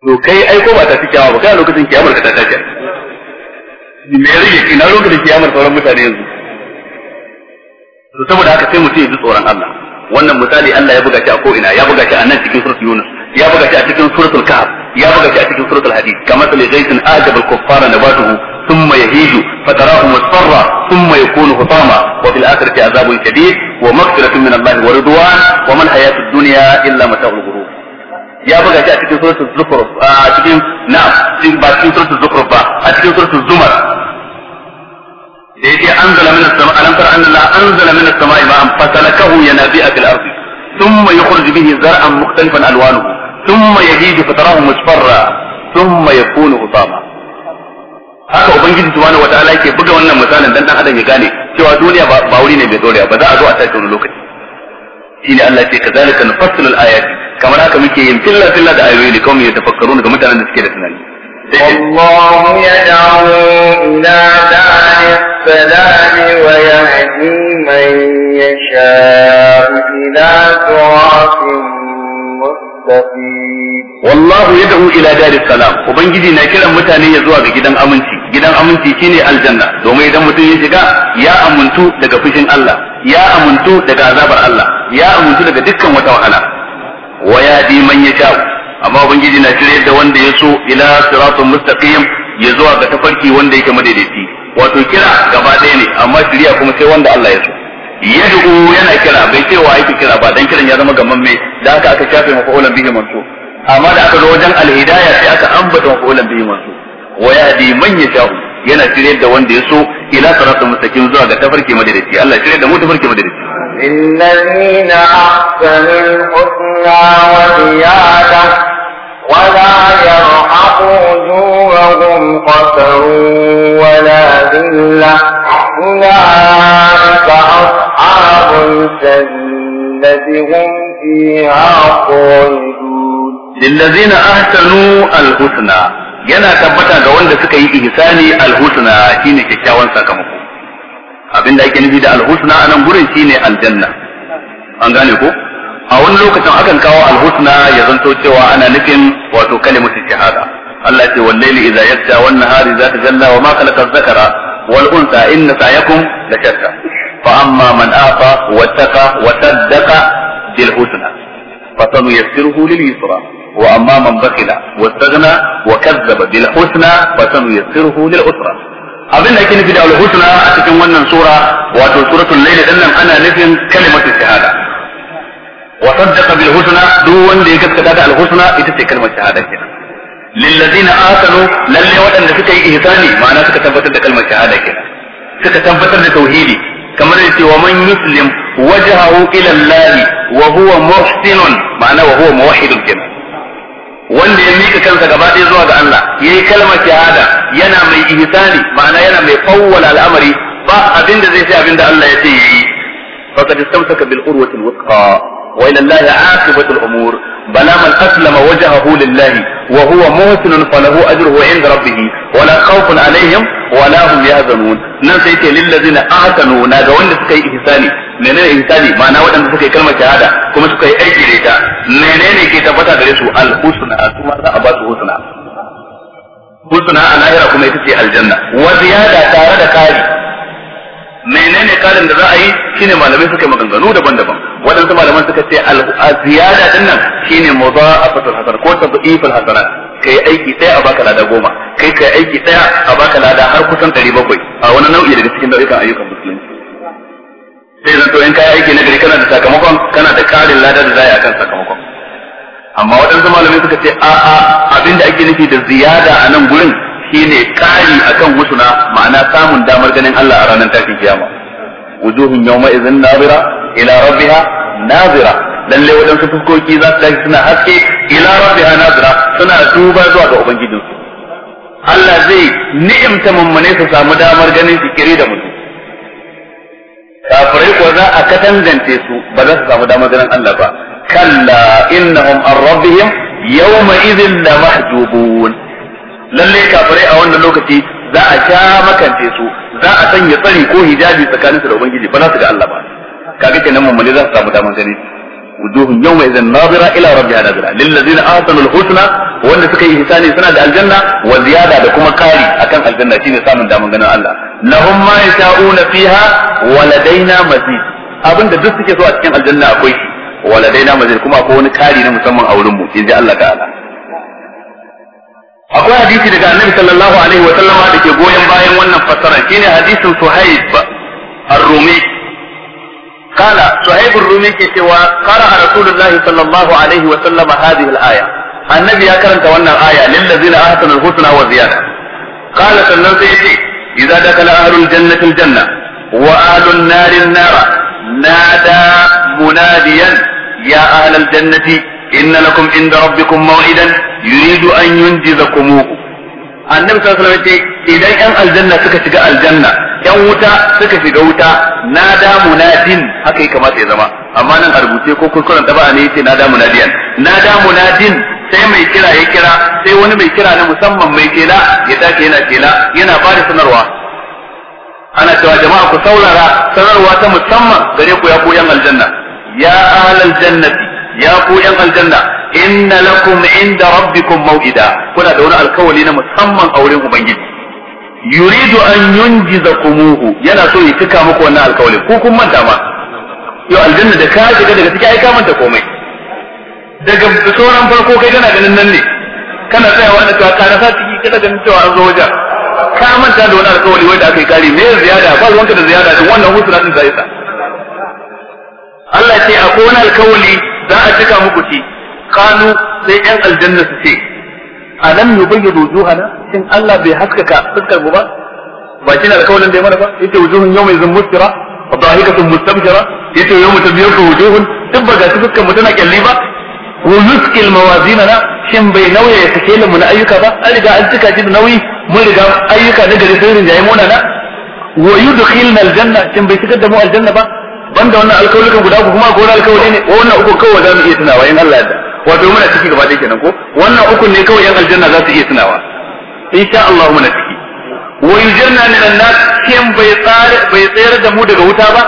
to kai aiko ba ta fi kyawa ba kai lokacin kiyamar ka ta tashi me rage ina roka da kiyamar sauran mutane yanzu to saboda haka sai mutum ya ji tsoron Allah wannan misali Allah ya buga shi a ko ina ya buga shi a nan cikin suratul Yunus ya buga shi a cikin suratul Kahf ya buga shi a cikin suratul Hadid kamar sai zaitin ajabal kuffara nabatuhu ثم يهيج فتراه مصفرا ثم يكون حطاما وفي الآخرة عذاب شديد ومغفرة من الله ورضوان وما الحياة الدنيا إلا متاع الغرور ya buga shi a cikin suratul zukhruf a cikin na'am cikin ba cikin suratul zukhruf ba a cikin suratul zumar da yake anzala min as-sama alam tara anna la anzala min as-sama'i ma'an fasalakahu yanabi'a fil ardi thumma yukhrij bihi zar'an mukhtalifan alwanuhu thumma yahiju fatarahu musfarra thumma yakunu hutama haka ubangiji subhanahu wataala yake buga wannan misalin dan dan adam ya gane cewa duniya ba wuri ne mai dorewa ba za a zo a tashi wani lokaci shine Allah ce kazalika nufassilu al-ayati kamar haka muke yin filla filla da ayoyi da kawai ya tafakkaru ga mutanen da suke da tunani والله يدعو إلى دار السلام ويهدي من يشاء إلى صراط مستقيم والله يدعو إلى دار السلام وبنجي نكرا متاني يزوى gidan aminci gidan aminci shine aljanna domin idan mutum ya shiga ya amuntu daga fushin Allah ya amuntu daga azabar Allah ya amuntu daga dukkan wata wahala wa yadi man yasha amma ubangiji na shirye da wanda ya so ila siratun mustaqim ya zuwa ga tafarki wanda yake madaidaici wato kira gaba ɗaya ne amma shirya kuma sai wanda Allah ya so yad'u yana kira bai ce wa yake kira ba dan kiran ya zama gaman mai da haka aka shafe mafa'ulan bihi masu. amma da aka zo wajen alhidaya sai aka ambata mafa'ulan bihi Waya wa yahdi man shahu yana shirya da wanda ya so ila siratal mustaqim zuwa ga tafarki madarici Allah shirya da mu tafarki madarici إن الذين husna wa ziyadah ولا يرحق وجوههم قتر ولا ذلة أولئك أصحاب الجنة هم فيها خالدون للذين أحسنوا الحسنى yana tabbata ga wanda suka yi ihsani alhusna shine kyakkyawan sakamako abinda ake nufi da alhusna anan gurin shine aljanna an gane ko a wani lokacin akan kawo alhusna ya zanto cewa ana nufin wato kalimatu shahada Allah ce wal layli idza yaghsha wan nahari idza tajalla wa ma khalaqa dhakara wal unsa inna sa'yakum lakatta fa amma man afa wa taqa wa saddaqa bil husna fa sanuyassiruhu lil yusra wa amma man bakhila wa istaghna wa kazzaba bil husna fa sanuyassiruhu lil usra abin da ake nufi da al a cikin wannan sura wato suratul layl din ana nufin kalimatu shahada wa saddaqa bil husna duk wanda ya gaskata da al husna ita ce kalmar shahada kenan lillazina asanu lalle waɗanda suka yi ihsani ma'ana suka tabbatar da kalmar shahada kenan suka tabbatar da tauhidi kamar da cewa man yuslim wajhahu ma'ana wanda ya mika kansa gaba ɗaya zuwa ga Allah yayi kalmar shahada yana mai ihsani ma'ana yana mai fawwala al'amari ba abinda zai sai abinda Allah ya ce yayi yi. istamsaka bil urwati al wuthqa wa ila Allah aqibatul umur bala man aslama wajhahu lillah wa huwa muhsinun falahu ajruhu inda rabbih wa la khawfun alaihim wa la hum yahzanun nan sai ce lil ladina ahsanu na ga wanda suka yi ihsani menene ihsani ma'ana waɗanda suka yi kalmar shahada kuma suka yi aiki da ita menene ke tabbata gare su al husna kuma za a ba su husna husna a lahira kuma ita ce aljanna wa ziyada tare da kari menene karin da za a yi shine malamai suka maganganu daban-daban waɗansu malaman suka ce ziyada din nan shine a mudha'afatul hasan ko tadhiful hasanat kai aiki ɗaya a baka lada goma kai kai aiki ɗaya a baka lada har kusan ɗari bakwai. a wani nau'i daga cikin dariƙan ayyukan musulunci sai zanto in kai aiki na gari kana da sakamakon kana da ƙarin lada da zaya akan sakamakon amma waɗansu malamai suka ce a'a abinda ake nufi da ziyada a nan gurin shine ƙari akan wusuna ma'ana samun damar ganin Allah a ranar tashin kiyama wujuhun yawma idhin nadira ila rabbiha nazira lalle waɗansu fuskoki za su tashi suna haske ila rabbiha nazira suna duba zuwa ga ubangijinsu Allah zai ni'imta mummune su samu damar ganin su da mutum kafirai ko za a katangance su ba za su samu damar ganin Allah ba kalla innahum an rabbihim yawma idhin la mahjubun lalle kafirai a wannan lokaci za a sha makance su za a sanya tsari ko hijabi tsakaninsu da ubangiji ba za su ga Allah ba kaga kenan mummuni za su samu daman gani wujuhun yawma idan nazira ila rabbiha nazira lil ladina ahsanul husna wanda suka yi ihsani suna da aljanna wa ziyada da kuma kari akan aljanna shine samun daman ganin Allah lahum ma yasha'una fiha wa ladaina mazid abinda duk suke so a cikin aljanna akwai shi wa ladaina mazid kuma akwai wani kari na musamman a wurin mu inji Allah ta'ala akwai hadisi daga annabi sallallahu alaihi wa sallama da ke goyon bayan wannan fassara shine hadisin suhaib ar-rumi قال صهيب الرومي كتوا قرأ رسول الله صلى الله عليه وسلم هذه الآية النبي أكرم تونا الآية للذين أهتم الحسنى وزيادة قال صلى الله عليه وسلم إذا دخل أهل الجنة الجنة وأهل النار النار نادى مناديا يا أهل الجنة إن لكم عند ربكم موعدا يريد أن ينجزكموه. النبي صلى الله عليه وسلم يقول إذا أهل الجنة فكتك الجنة yan wuta suka shiga wuta na damu na din haka ya kamata ya zama amma nan a rubuce ko kuskuren daba ne yace na damu na din na damu na din sai mai kira ya kira sai wani mai kira na musamman mai kela ya dace yana kela yana ba da sanarwa ana cewa jama'a ku saurara sanarwa ta musamman gare ku ya ku yan aljanna ya alal jannati ya ku yan aljanna inna lakum inda rabbikum mau'ida kuna da wani alkawali na musamman a wurin ubangiji yuridu an yunjiza kumuhu yana so ya cika muku wannan alkawali ko kun manta ma yau aljanna da ka ga daga cikin ka manta komai daga sauran farko kai kana ganin nan ne kana tsayawa na cewa ka sa ciki kana ganin cewa an zo wajen ka manta da wani alkawali wanda aka yi kari me ziyada ba ruwanka da ziyada din wannan husna din ta isa Allah ce akwai wani alkawali za a cika muku shi kanu sai yan aljanna su ce alam nubayyidu wujuhana shin Allah bai haskaka fuskar mu ba ba kina alƙawarin da ya mana ba yace wujuhun yawma yazun musfira wa dahikatun mustabshira yace yawma tabyadu wujuhun duk ba ga fuskar mu tana kyalli ba wa yuskil mawazinana shin bai nauya ya sake mu na ayyuka ba an riga an tuka shi da nauyi mun riga ayyuka na gari sun rinjaye mona na wa yudkhilna aljanna shin bai shigar da mu aljanna ba banda wannan alƙawarin guda ku kuma ko wani alƙawari ne wannan uku kawai za mu iya tunawa in Allah ya wato muna ciki gaba ɗaya kenan ko wannan ukun ne kawai yan aljanna za su iya tunawa insha Allah muna ciki wa yujirna min annas kin bai tsare bai tsayar da mu daga wuta ba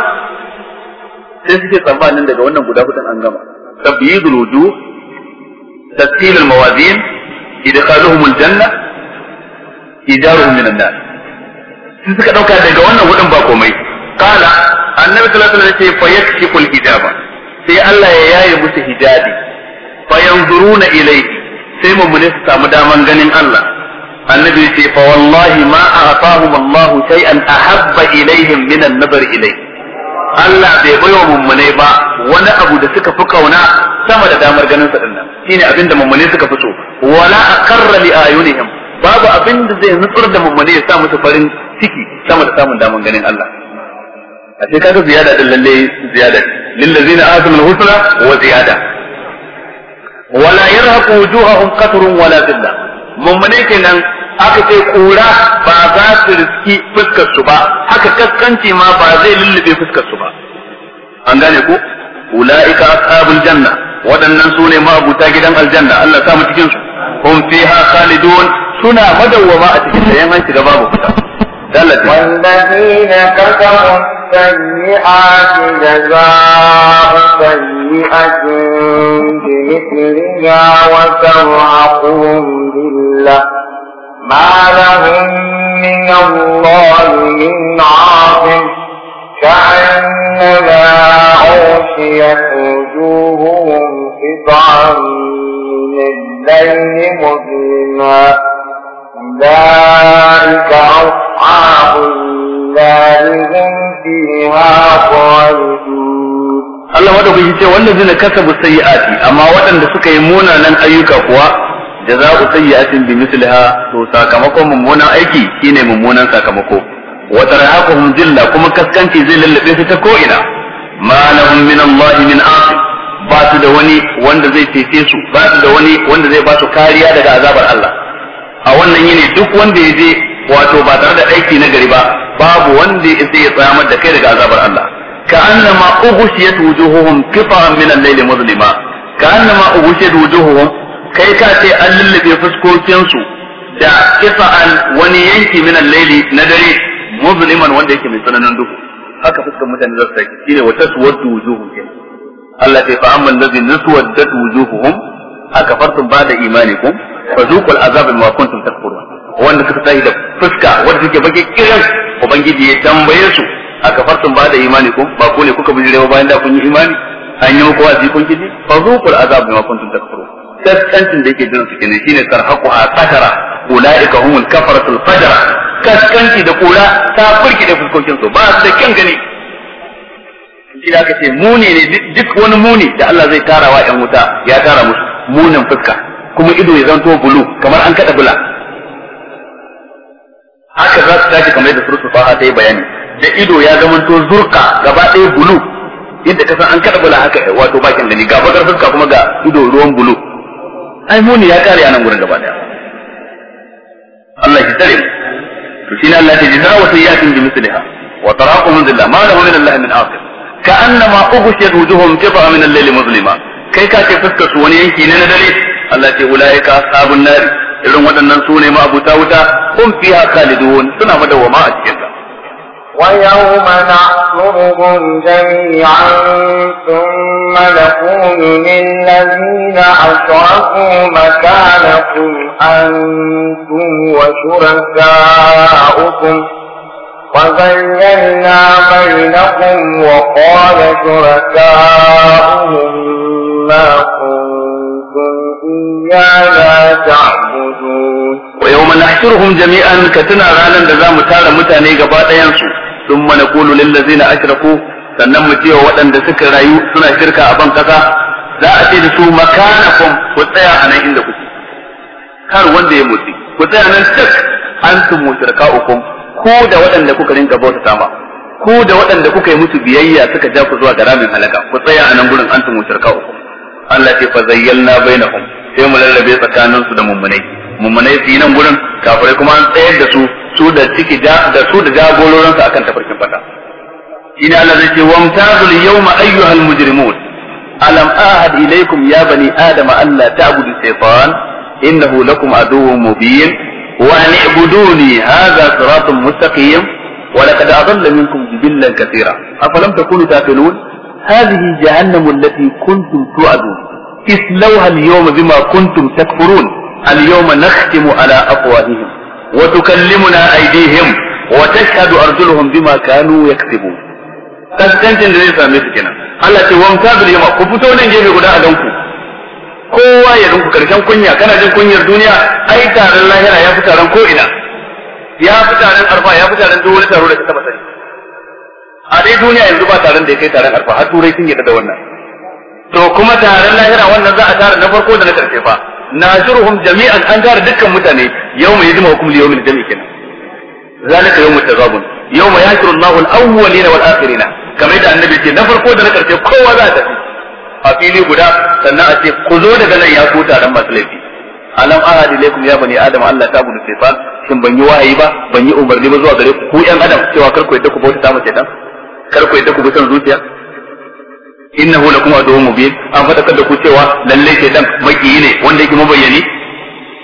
sai suke tsammanin daga wannan guda hudun an gama tabyidul wujuh tasilul mawazin idkhaluhum aljanna ijaruhum min annas sai suka dauka daga wannan hudun ba komai qala annabi sallallahu alaihi wasallam ya ce fa yakshiful hijaba sai Allah ya yaye musu hijabi fayanzuruna ilai sai mummune su samu daman ganin Allah annabi ce fa wallahi ma a'tahum Allahu shay'an ahabba ilaihim min an-nazar ilai Allah bai baiwa mummune ba wani abu da suka fi kauna sama da damar ganin sa dinnan shine abinda mummune suka fi so wala aqarra li ayunihim babu abin da zai nutsar da mummune ya sa musu farin ciki sama da samun daman ganin Allah a sai kaga ziyada din lalle ziyada lillazina atul husna wa ziyada wala yarhaqu wujuhahum qatrun wala dhilla mummune kenan aka ce kura ba za su riski fuskar su ba haka kaskanci ma ba zai lullube fuskar su ba an gane ko ulaika ashabul janna waɗannan su ne gidan aljanna Allah ya sa mu cikin su hum fiha khalidun suna madawwama a cikin sayan yan shiga babu fita والذين كفروا السيئات جزاء سيئة بمثلها وترهقهم ذلة ما لهم من الله من عاصم كأنما أغشيت وجوههم قطعا من الليل مظلما أولئك أصحاب النار هم فيها خالدون Allah wadda kuke ce wannan zina kasabu sayyi'ati amma waɗanda suka yi munanan ayyuka kuwa jaza'u sayyi'atin bi misliha to sakamakon mummunan aiki shine mummunan sakamako wa tarhaquhum zilla kuma kaskanci zai lallabe su ta ko'ina ma lahum min Allah min ba su da wani wanda zai cece su ba su da wani wanda zai ba su kariya daga azabar Allah a wannan yini duk wanda ya je wato ba tare da aiki na gari ba babu wanda ya sai ya tsamar da kai daga azabar Allah ka annama ughshiyat wujuhuhum qita'an min al-layl muzlima ka annama ughshiyat wujuhuhum kai ka ce an lullube fuskokin su da qita'an wani yanki min al-layl na dare muzliman wanda yake mai tsananin duhu haka fuskar mutane za su take shine wa taswaddu wujuhum Allah ta yi fa amma allazi naswaddat wujuhuhum ba da imanikum fa zuqul azab bima kuntum takfurun wanda suka tashi da fuska wanda suke baki kiran ubangiji ya tambaye su a kafartun ba da imani ko ba ku ne kuka bijirewa bayan da kun yi imani an yi muku wazi kun kiji fa zuqul azab bima kuntum takfurun kaskancin da yake jiran su kenan shine tarhaqu a qatara ulaika humul kafaratul fajara kaskanci da kura ta furki da fuskokin su ba su da kyan gani shi da aka ce muni ne duk wani muni da Allah zai tarawa yan wuta ya tara musu munin fuska kuma ido ya zanto bulu kamar an kada bula haka za su tashi kamar yadda surutu faha ta yi bayani da ido ya zamanto zurka gaba ɗaya bulu yadda kasan an kada bula haka wato bakin gani ga bakar fuska kuma ga ido ruwan bulu ai muni ya kare anan gurin gaba ɗaya Allah ya tsare to shine Allah ya jira wa sayyatin bi misliha wa taraqum billah ma lahu min Allah min aqib ka annama ughshiyat wujuhum qita'a min al-layli muslima kai ka ce fuskar su wani yanki ne na dare Allah ce ulaika ashabun nari irin waɗannan su ne ma'abuta wuta hum fiha khalidun suna madawwama a cikin ta ويوم نحشرهم جميعا ثم نقول للذين أشركوا مكانكم أنتم wa وزينا بينكم وقال شركاؤهم ما كنتم إيانا تعبدون ويوم da جميعا كتنا رانا دزام تارا متاني قباطا ينسو ثم نقول للذين أشركوا sannan mu cewa waɗanda suka rayu suna shirka a ban za a ce da su makanakum ku tsaya a nan inda kuke kar wanda ya mutu ku tsaya nan tak antum mushrikaukum ko da waɗanda kuka rinka bauta sama ko da waɗanda kuka yi musu biyayya suka ja ku zuwa ga ramin halaka ku tsaya a nan gurin antum mushrikaukum Allah ce fa zayyalna bainahum sai mu lallabe tsakanin su da mummunai mummunai su yi nan gurin kafirai kuma an tsayar da su su da ciki da su da jagororin su akan tafarkin fata ina Allah zai ce wamtazul yawma ayyuhal mujrimun alam ahad ilaykum ya bani adama alla ta'budu shaytan innahu lakum aduwwun mubin wa an ibuduni hadha siratun mustaqim ولقد أضل منكم A كثيرا أفلم تكونوا تعقلون هذه جهنم التي كنتم توعدون اصلوها اليوم بما كنتم تكفرون اليوم نختم على أفواههم وتكلمنا أيديهم وتشهد أرجلهم بما كانوا يكسبون kaskancin da zai same su kenan Allah ce wamta bil yama ku fito nan gefe guda a ganku kowa ya rinku karshen kunya kana jin kunyar duniya ai taron lahira ya fi taron ko ya fi taron arfa ya fi taron duk wani taro da ka a dai duniya yanzu ba taron da ya kai taron arfa har turai sun yadda da wannan to kuma taron lahira wannan za a tara na farko da na karshe fa nashiruhum jami'an an tara dukkan mutane yau mai yajma'ukum hukum yawmil jam'i kenan zalika mai tazabun yawma yashiru Allahu al-awwalina wal akhirina kamar da annabi ce na farko da na karshe kowa za a tafi a fili guda sannan a ce ku zo daga nan ya ku taron masu laifi alam ahadi laikum ya bani adam Allah ta gudu shaytan shin ban yi wahayi ba ban yi umarni ba zuwa gare ku ku yan adam cewa kar ku yadda ku bauta ta mace dan kar ku yadda ku bi son zuciya innahu lakum adu mubin an fada kada ku cewa lalle ke dan makiyi ne wanda yake mabayyani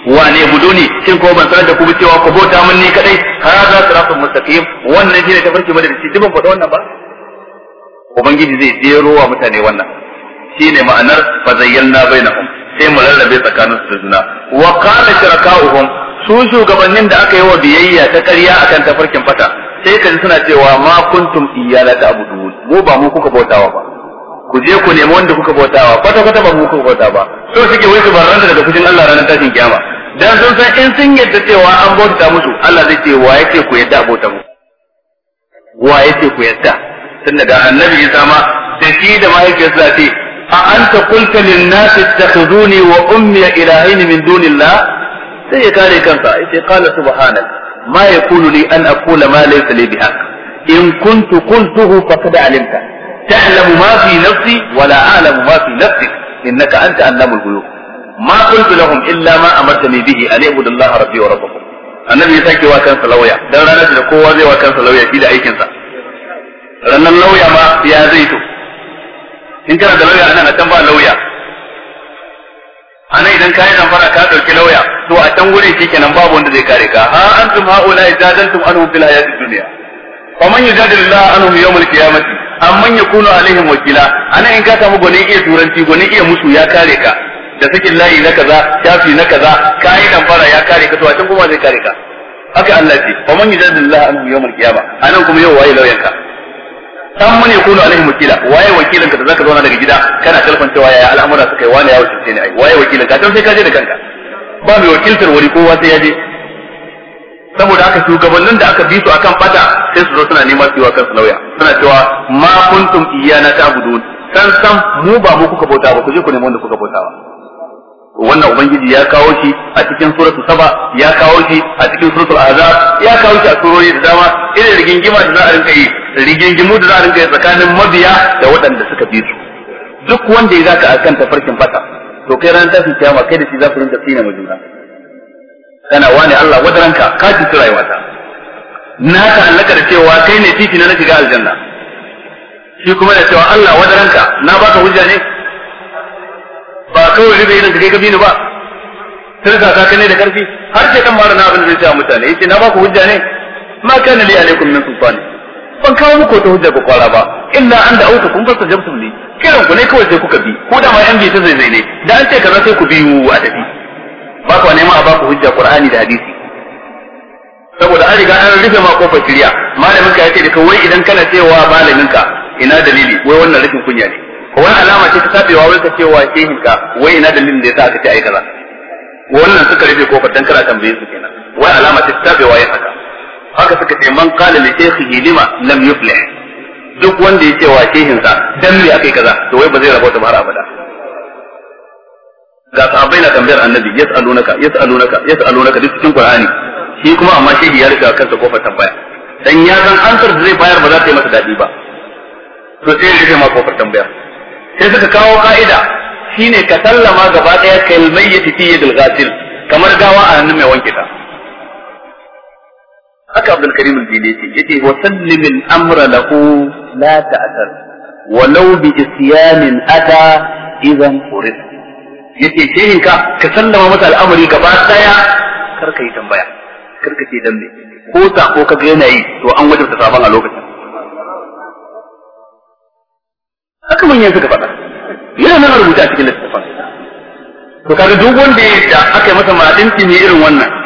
Wane buduni shin ko ban sanar da ku cewa ku bauta mun ni kadai hada siratun mustaqim wannan shine tafarki madalici duk ban faɗa wannan ba ubangiji zai jero wa mutane wannan shine ma'anar fazayyalna zayyana bainahum sai mu rarrabe tsakaninsu da zina. wa qala shiraka'uhum su shugabannin da aka yi wa biyayya ta ƙarya akan tafarkin fata sai ka suna cewa ma kuntum iyala ta abu mu ba mu kuka bautawa ba ku je ku nemi wanda kuka bautawa kwata kwata ba mu kuka bauta ba so suke wai su barranta daga fushin Allah ranar tashin kiyama dan sun san in sun yadda cewa an bauta musu Allah zai ce wa yake ku yadda bauta mu wa yake ku yadda tunda da annabi ya sama da shi da mahaifiyarsa ce a anta qulta lin nas ittakhuzuni wa ummi ilahin min dunillah sai ya kare kansa yace qala subhanak ma yakunu li an aqula ma laysa li bihaq in kuntu qultuhu faqad alimta ta'lamu ma fi nafsi wa la a'lamu ma fi nafsik innaka anta allamul ghuyub ma qultu lahum illa ma amartani bihi an ibudu allaha rabbi wa rabbakum annabi ya sake wa kansa lauya dan ranar da kowa zai wa kansa lauya shi da aikin sa ranar lauya ma ya zai to in kana da lauya anan a can ba lauya ana idan kayi zamfara ka dauki lauya to a can shi kenan babu wanda zai kare ka ha antum haula ijadantum anhum fil hayatid dunya faman yujadilullah anhum yawmal qiyamati man yakunu alaihim wakila ana in ka samu gonin iya turanci gonin iya musu ya kare ka da sakin layi na kaza shafi na kaza kayi zamfara ya kare ka to a can kuma zai kare ka haka Allah ce faman yujadilullah anhum yawmal qiyamah anan kuma yau waye lauyanka dan mun yakunu alaihi wakila waye wakilin ka da zaka zauna daga gida kana kalfan cewa yaya al'amura suka yi wani ya wakilce ni ai waye wakilin ka dan sai ka je da kanka ba mai wakiltar wuri kowa sai ya je saboda haka shugabannin da aka bi su akan fata sai su zo suna nema su yi wa kansu lauya suna cewa ma kuntum iyana ta'budun san san mu ba mu kuka bauta ba ku je ku nemi wanda kuka bauta ba wannan ubangiji ya kawo shi a cikin suratul saba ya kawo shi a cikin suratul azab ya kawo shi a surori da dama irin rigingima da za a rinka yi rigingimu da za a rinka tsakanin mabiya da waɗanda suka bi su duk wanda ya zaka akan tafarkin fata to kai ran tashin kiyama kai da shi za ku rinka tsina ma juna kana wani Allah wadaranka ka ci rayuwata na ta allaka da cewa kai ne titi na na shiga aljanna shi kuma da cewa Allah wadaranka na baka hujja ne ba kawai ribe da kai ka bini ba sai ka ne da karfi har ke kan mara na abin da zai ce mutane yace na baka hujja ne ma kana li alaikum min sultani ban kawo muku wata hujja ku kwara ba illa an da auta kun fasa jamsu ne kiran ku ne kawai sai kuka bi ko da ma yan bi ta zai ne da an ce kaza sai ku biyu a tafi ba ku neman a ku hujja qur'ani da hadisi saboda an riga an rufe ma kofar shirya malamin ka yace da ka wai idan kana cewa malamin ka ina dalili wai wannan rufin kunya ne ko wani alama ce ta tabewa wai ka cewa shehin ka wai ina dalilin da yasa aka ce ai kaza wannan suka rufe kofar dan kana tambaye su kenan wai alama ce ta tabewa yin haka haka suka ce man kala li shaykhihi lima lam yuflih duk wanda ya ce wa shehin sa dan me akai kaza to wai ba zai rabota ba har abada ga sahabbai na tambayar annabi yas'alunaka yas'alunaka yas'alunaka duk cikin qur'ani shi kuma amma shehi ya riga kansa kofar tambaya dan ya san ansar da zai bayar ba za ta yi masa dadi ba to sai ya ma kofar tambaya sai suka kawo ka'ida shine ka sallama gaba daya kalmayyati fi yadil ghasil kamar gawa a hannun mai wanke ta haka Abdul Karim al-Jili yace yace wa sallim al-amra lahu la wa walau bi isyanin ata idan urid yace shehin ka ka sallama masa al'amari gaba daya kar ka yi tambaya kar ka ce dan me ko ta ko kaga yana yi to an wajabta saban a lokacin haka manyan suka faɗa yana nan rubuta a cikin littafin to kaga duk wanda ya da aka yi masa madinci ne irin wannan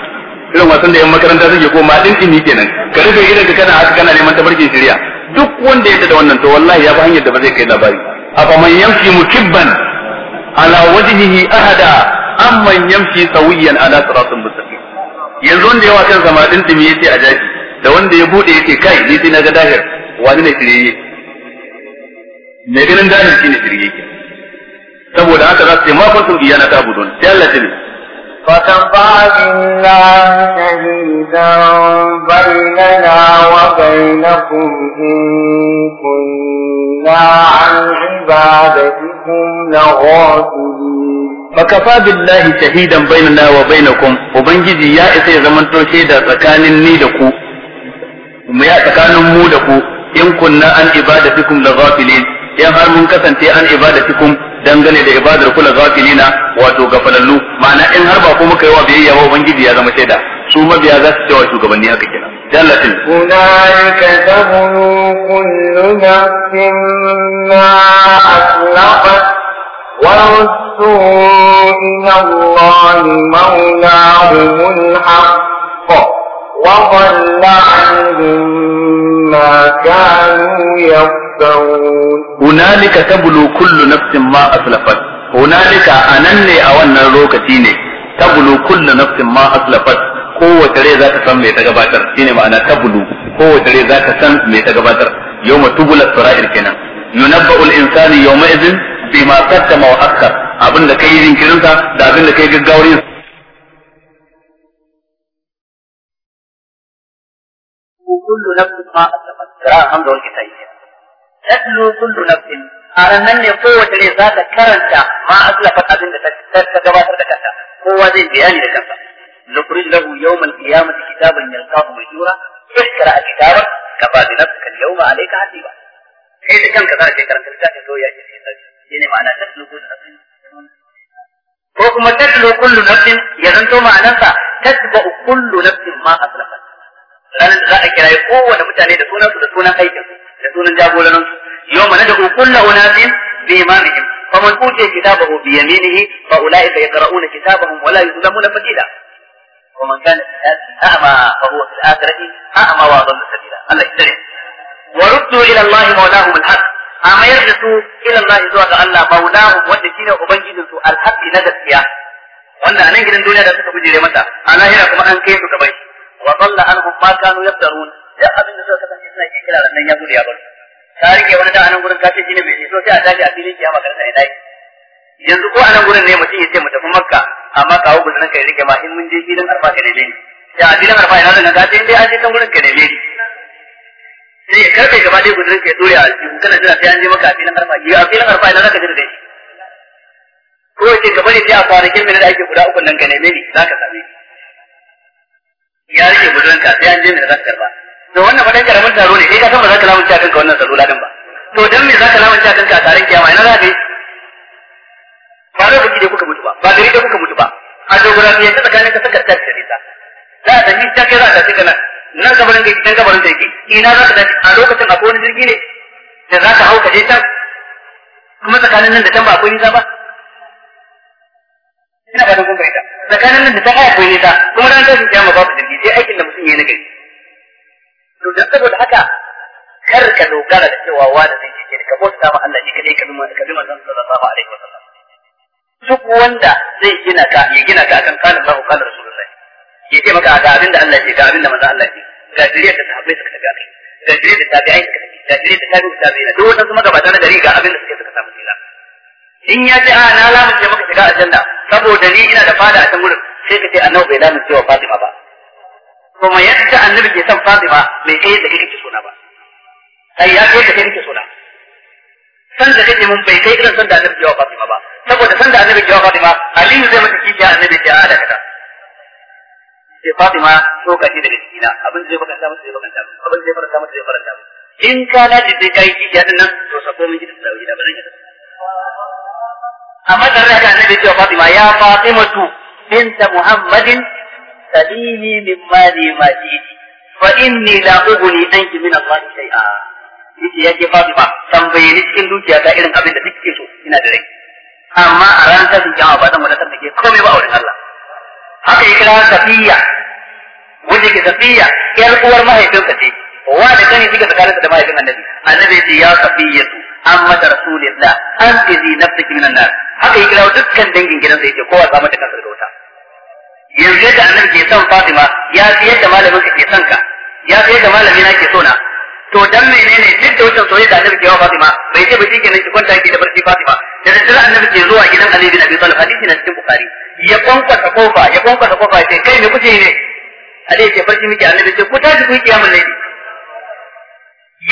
irin wasan da yan makaranta suke ko ma din dini kenan ka rufe gidan ka kana haka kana neman tabarkin shari'a duk wanda ya da wannan to wallahi ya fi hanyar da ba zai kai labari afa man yamshi mukibban ala wajhihi ahada amman yamshi sawiyan ala siratin mustaqim yanzu wanda ya wasan zama din dini yace a jaji, da wanda ya bude yace kai ni sai naga dahir wani ne shirye ne ganin dahir shine shirye saboda haka za su ce ma kuntum iyana ta'budun sai Allah ya فكفى بالله شهيدا بيننا وبينكم إن كنا عن عبادتكم لغافلين fakafa billahi ubangiji ya isa ya zama toshe da tsakanin ni da ku mu ya tsakanin mu da ku in kunna an ibadatikum la in har mun kasance an dangane da ibadar kula gafilina wato ga falallu ma'ana in har ba ko muka yi wa biyayya ba ubangiji ya zama shaida su mabiya za su cewa shugabanni haka kenan jallatin hunalika tahunu kullu nafsin ma aslafat wa rusu ila allahi mawlahumul haqq وضل عنهم ما كانوا يقولون يفترون هنالك تبلو كل نفس a wannan lokaci ne, أولنا روكتيني تبلو كل نفس ما أسلفت rai za ta san mai ta gabatar shine ma'ana tabulu kowace rai za ta san mai ta gabatar yawma tubula sarair kenan yunabba'ul insani yawma idin bima qaddama wa akhar abin da kai jinkirinsa da abin da kai gaggawar كل نفس ما أسلفت تراها حمد والكتاب tatlu kullu nafsin a nan ne kowace ne za ta karanta ma aslafat abin da ta gabatar da kanta kowa zai bayani da kanta nukril lahu yawmal qiyamati kitaban yalqahu majura ikra kitabak kafa bi nafsika yawma alayka hasiba sai da kanka za ka karanta littafin kawai ya ce sai ne ma'ana tatlu kullu nafsin ko kuma tatlu kullu nafsin ya zanto ma'anarsa tatba'u kullu nafsin ma aslafat ranar da za a kiraye kowane mutane da sunansu da sunan aikinsu da sunan jagoranin su yau mana da kullu unasin bi imamihim faman utiya kitabahu bi yaminihi fa ulaika yaqra'una kitabahum wa la yuzlamuna fatila ومن كان أعمى فهو في الآخرة أعمى وأضل سبيلا الله يسترين وردوا إلى الله مولاهم الحق أما يرجسوا إلى الله زوج الله مولاهم والذين أبنجدوا الحق نجسيا wanda a nan gidan duniya da suka bujire mata a lahira kuma an kai su gabai wa dalla anhum ma kanu yaftarun duk abin da suna nan ya gudu ya bar wani da anan gurin shi ne mai so sai a a filin kiyama ya dai yanzu ko anan gurin ne mutum ya ce mu tafi makka amma kawo guzurin kai rike ma in mun je gidan arfa ka neme ne ya a filin arfa ina zan ga sai dai an je kan ka neme ne sai ya karbe gaba dai ka kai dole a jihu kana jira sai an je maka a filin arfa ya a filin arfa ina ka jira dai ko ce gaba ne sai a da ake guda uku nan ka neme ni zaka same ya rike ka sai an je zaka karba to wannan fadan karamin taro ne Sai ka san ba za ka lamunta kanka wannan salula ladan ba to dan me za ka lamunta kanka a taron kiyama ina za ka yi ba da kuke kuka mutu ba ba gari da kuka mutu ba a geography ta tsakanin ka saka ta da ta za ta ni ta kai za ta sai kana nan kabarin kai can kabarin kai ina za ka dace a lokacin akwai wani jirgi ne da za ka hau ka je kuma tsakanin nan da can ba akwai nisa ba ina ba da kun bayyana tsakanin nan da ko akwai nisa kuma ran tashin kiyama babu jirgi sai aikin da mutum ya yi na gari to dan saboda haka kar ka dogara da cewa wani zai yi ka bauta ma Allah shi kadai ka bi ka bi manzon sallallahu alaihi wasallam duk wanda zai gina ka ya gina ka kan kana Allah kana rasulullahi ya ce maka ga abinda Allah ke ga abinda manzo Allah ke ga jiriyar da sahabbai suka tafi akai ga jiriyar da tabi'ai suka tafi ga jiriyar da tabi'u tabi'ina duk wanda kuma gabata na gari ga abinda suke suka samu kila in ya ce a na lamunce maka shiga aljanna saboda ni ina da fada a can gurin sai ka ce annabi bai lamunce wa Fatima ba kuma yadda annabi ke son Fatima mai kai da kake suna ba sai ya kai da kake suna san da kake mun bai kai irin san da annabi ya Fatima ba saboda san da annabi ya Fatima Aliyu zai mata kiji annabi ya ada kada ke Fatima so da daga na abin zai baka samu zai baka samu abin zai faranta samu zai samu in ka ji sai kai kiji din nan to sako min gidan sauri da bazan gidan amma da raka annabi ya Fatima ya Fatima tu binta Muhammadin سليني من مالي ما جئت فإني لا أغني عنك من الله شيئا yace ya ke ba. tambaye ni cikin dukiya ta irin abin da kike so ina da rai amma a ran tashin jama'a ba zan wadatar da ke komai ba a wurin Allah haka ya kira Safiya wanda ke Safiya ƴar uwar mahaifinka ce wa da kani kika tsakaninsa da mahaifin Annabi Annabi ya ce ya Safiya amma da Rasulullah an tizi nafsaki minan nar haka ya kira dukkan dangin gidansa yace kowa za mata daga wuta. yanzu yadda annabi ke son Fatima ya fi yadda malamin ka ke son ka ya fi yadda malami na ke so na to dan menene duk da wannan soyayya da annabi ke wa Fatima bai ce ba shi kenan ki kwanta ki da barci Fatima da daddare annabi ke zuwa gidan Ali bin Abi Talib hadisi na cikin Bukhari ya kwankwasa kofa ya kwankwasa kofa ya ce kai me kuje ne Ali ce barci miki annabi ce ku tashi ku yi kiyamul layli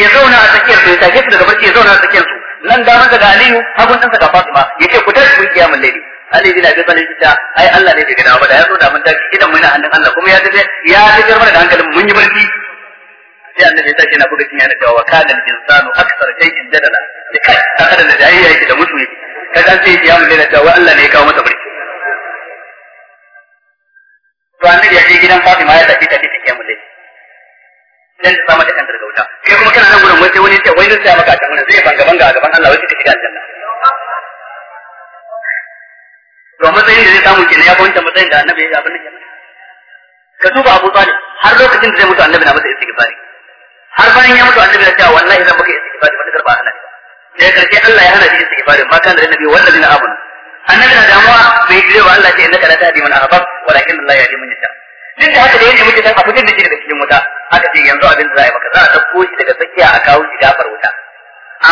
ya zauna a tsakiyar su ya tashi daga barci ya zauna a tsakiyar su nan da ga Aliyu hagun ɗansa ga Fatima ya ce ku tashi ku yi kiyamul layli Ali bin Abi balin ta ai Allah ne ke dawo da ya so da mun tashi idan muna hannun Allah kuma ya tafi ya tafi mana da hankalin mun yi barci sai annabi ya tashi na buga cinya yana cewa wa kana al-insanu aktsara shay'in jadala da kai ta kada da jayayya yake da musu yake kaga sai ya mun da cewa Allah ne ya kawo masa barci to annabi ya je gidan Fatima ya tafi tafi ke mu dai dan ta samu da kan daga wuta kai kuma kana nan gurin wai sai wani ya ce wai nan sai maka ta wannan banga banga a gaban Allah wai ka shiga aljanna to matsayin da zai samu kenan ya kwanta matsayin da annabi ya abin kenan ka duba Abu Talib har lokacin da zai mutu annabi na masa istighfari har bayan ya mutu annabi na cewa wallahi zan baka istighfari ba ta ba hana da ya karshe Allah ya hana shi istighfari ma kan da annabi wallahi na amanu annabi na damuwa bai jira wa Allah ce innaka la tahdi man ahbab walakin Allah ya man yasha duk da haka da yake mutu a fitar da shi daga cikin wuta haka ce yanzu abin da za a yi maka za a dauko shi daga tsakiya a kawo shi gafar wuta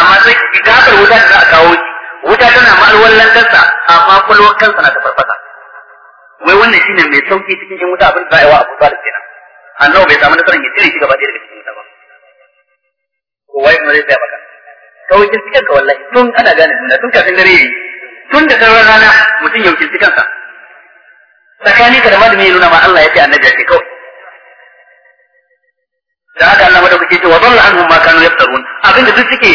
amma sai gafar wuta da za a kawo shi wuta tana ma'alwallantarsa amma kwalwar kansa na ta farfasa wai wannan shine mai sauki cikin yan wuta abin da a wa abu talib kenan annabi bai samu nasarar ya tsire shi gaba ɗaya daga cikin wuta ba ko wai mun zai baka kawai kin cikin ka wallahi tun ana gane suna, tun kafin dare yi. tun da sauran rana mutum ya wuce kansa tsakani ka da malami ya nuna ma Allah ya ce annabi ya ce kawai da haka Allah madaukake ce wa dalla anhum ma kanu yaftarun abinda duk suke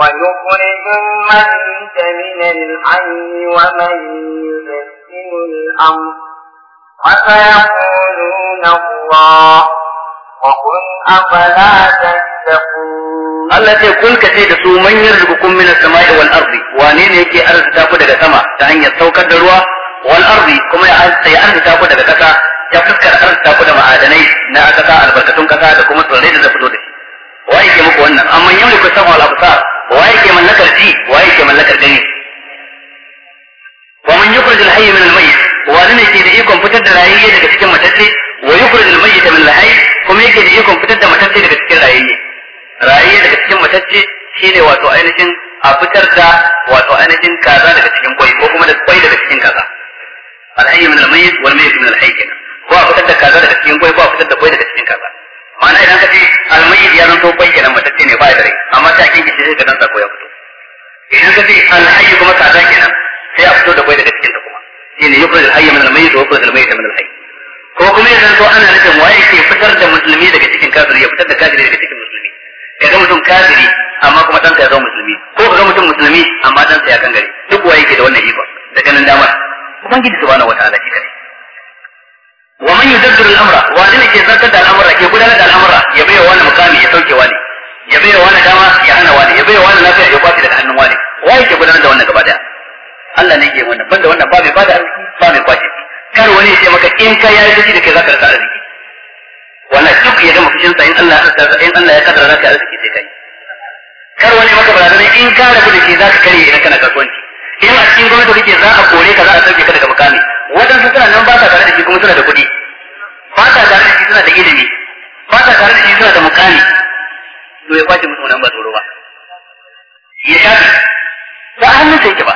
ويخرج الميت من الحي ومن يدسم الأمر وسيقولون الله وقل أفلا تتقون الله ce kun ka ce da su man yarzuqukum min as-sama'i wal ardi wane ne yake arzuta ku daga sama ta hanyar saukar da ruwa wal kuma ya arzuta ku daga kasa ya fuskar arzuta ku da ma'adanai na kasa albarkatun kasa da kuma tsirrai da zafi da shi wa yake muku wannan amma yau ne ku sama al waye ke mallakar ji waye ke mallakar gani wa man yukhrij al hayy min al mayyit wani ne ke da ikon fitar da rayayye daga cikin matacce wa yukhrij al mayyit min al hayy kuma yake da ikon fitar da matacce daga cikin rayayye rayayye daga cikin matacce shine wato ainihin a fitar da wato ainihin kaza daga cikin kwai ko kuma da kwai daga cikin kaza al hayy min al mayyit wal mayyit min al hayy ko a fitar da kaza daga cikin kwai ko a fitar da kwai daga cikin kaza ma'ana idan ka ce almayyit ya zanto bai matacce ne ba da rai amma ta kin kishi sai ka dan sako ya fito idan ka ce alhayyu kuma kaza nan sai a fito da bai daga cikin ta kuma shine yukhrij alhayy min almayyit wa yukhrij almayyit min alhayy ko kuma ya zanto ana nufin waye ke fitar da musulmi daga cikin kafiri ya fitar da kafiri daga cikin musulmi ya ga mutum kafiri amma kuma dan ya zama musulmi ko ka ga mutum musulmi amma dan ya kangare duk waye ke da wannan iko daga nan damar ubangiji subhanahu wataala shi kai wa man yudabbiru al-amra wa ne ke zartar da al'amura ke gudanar da al'amura ya bai wani mukami ya sauke wani ya bai wani dama ya hana wani ya bai wani lafiya ya kwafi daga hannun wani wa yake gudanar da wannan gaba daya Allah ne ke wannan banda wannan ba mai bada arziki ba mai kwace kar wani ya ce maka in ka yayi kaci da kai zaka rasa arziki wannan duk ya gama fushin sa in Allah in Allah ya kaddara zaka arziki sai kai kar wani maka barazana in ka rabu da ke za ka kare idan kana kasuwanci in a cikin gwamnati kake za a kore ka za a sauke ka daga mukami waɗansu suna nan ba sa tare da shi kuma suna da kuɗi ba sa tare da shi suna da ilimi ba sa tare da shi suna da mukami to ya kwace musu wannan ba tsoro ba ya shafi ba a hannun sai ba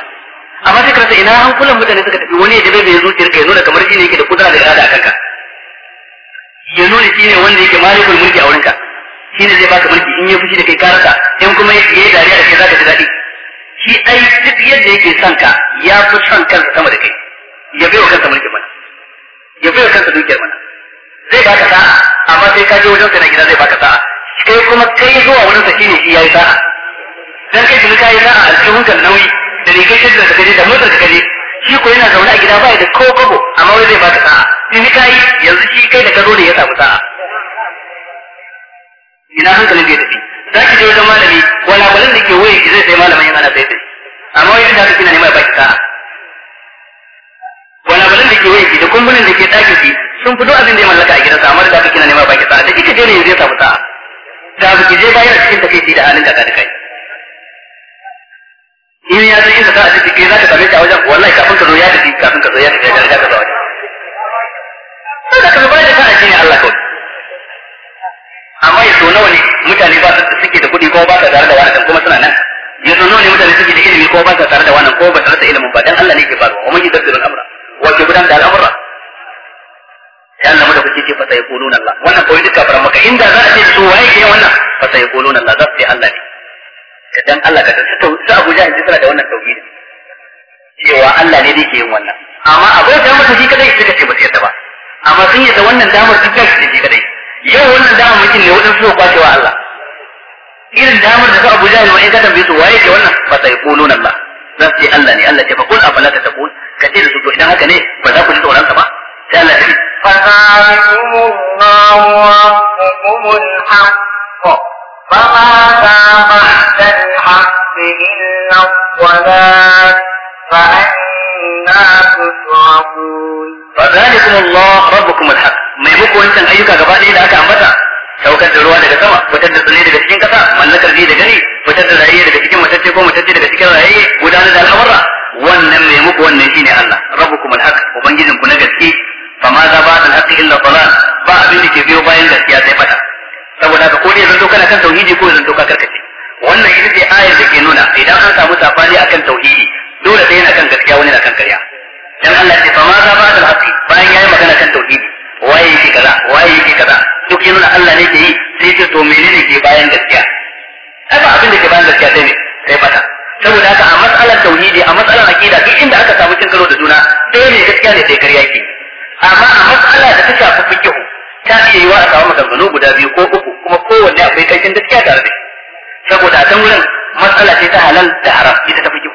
amma sai karasa ina hankulan mutane suka tafi wani ya dabe bai zuciyar ka ya nuna kamar shi ne yake da kudura da irada a kanka ya nuna shi ne wanda yake malikul mulki a wurinka shi ne zai baka mulki in ya fushi da kai karasa in kuma ya yi dariya da kai zaka ji daɗi shi ai duk yadda yake son ka ya fi son kansa sama da kai ya bai wa kansa mulkin mana ya bai wa kansa dukiyar mana zai baka sa'a amma sai ka je wajen sai na gida zai baka sa'a kai kuma kai zuwa wurin sa shine shi yayi sa'a dan kai kuma kai sa'a a cikin kan nauyi da ne kai da kaje da motar da kaje shi ko yana zaune a gida ba da ko kobo amma wai zai baka sa'a in ni kai yanzu shi kai da ka zo ne ya samu sa'a ina hankalin da ya tafi za ki je wajen malami wala balin da ke waye ki zai sai malamin yana sai sai amma wai da kina ne mai baki sa'a gwalagwalan da ke wayan da kumbunan da ke ɗakin shi sun fi a abin da ya mallaka a gidansa amma da kake na nema baki sa'a da kika je ne yanzu ya samu sa'a da ba ki je bayan a cikin takaici da halin kaka da kai in ya zo inda sa'a ciki kai za ka same shi a wajen wallahi kafin ka zo ya tafi kafin ka zo ya tafi ya riga ka zo wajen sai da ka zo bayan sa'a ne Allah kawai amma ya so nawa ne mutane ba suke da kuɗi ko ba sa tare da wani kuma suna nan ya so nawa ne mutane suke da ilimi ko ba su tare da wannan ko ba tare da ilimin ba dan Allah ne ke kuma yi man yudabbiru gudanar da al'amura annabi da madaukaki ce sai yaqulun Allah wannan kawai duka fara maka inda za a ce su waye ke wannan sai yaqulun Allah za su ce Allah ne Idan dan Allah ka tafi to sai Abuja in suna da wannan tauhidi cewa Allah ne yake yin wannan amma akwai da mutum shi kadai suka ce ba su yadda ba amma sun yadda wannan damar duk da shi kadai yau wannan damar mutum ne wadansu su kwace wa Allah irin damar da su Abuja ne wa'in ka tambaye su waye ke wannan sai yaqulun Allah za ce Allah ne Allah ce fa kun afala ta taqul ka ce da su to idan haka ne ba za ku ji tsoron ba sai Allah ya فذلكم الله ربكم الحق فماذا بعد الحق إلا الضلال فأنا فذلكم الله ربكم الحق mai muku wancan ayyuka gaba ɗaya da aka ambata saukar da ruwa daga sama fitar da daga cikin ƙasa mallakar ji da gani fitar da cikin matacce ko matacce daga cikin raye gudanar da al'amura wannan mai muku wannan shine Allah rabbukum al-haq ubangijin ku na gaske fa ma za ba'da al-haq illa dalal ba abin da ke biyo bayan gaskiya sai fata saboda haka ko ne kana kan tauhidi ko zanto ka karkace wannan ita ce ayar da ke nuna idan an samu sabani akan tauhidi dole sai yana kan gaskiya wani na kan karya dan Allah ce fa ma za ba'da al-haq bayan yayi magana kan tauhidi waye yake kaza waye yake kaza duk ya nuna Allah ne ke yi sai ce to menene ke bayan gaskiya ai ba abin da ke bayan gaskiya sai ne sai fata saboda haka a matsalar tauhidi a matsalar aqida duk inda aka samu cin karo da juna ɗaya ne gaskiya ne sai kariya ke amma a mas'ala da ta shafi fikihu ta iya yiwa a samu maganganu guda biyu ko uku kuma kowanne akwai ƙarfin gaskiya tare da saboda a can wurin mas'ala ce ta halal da haram ita ta fikihu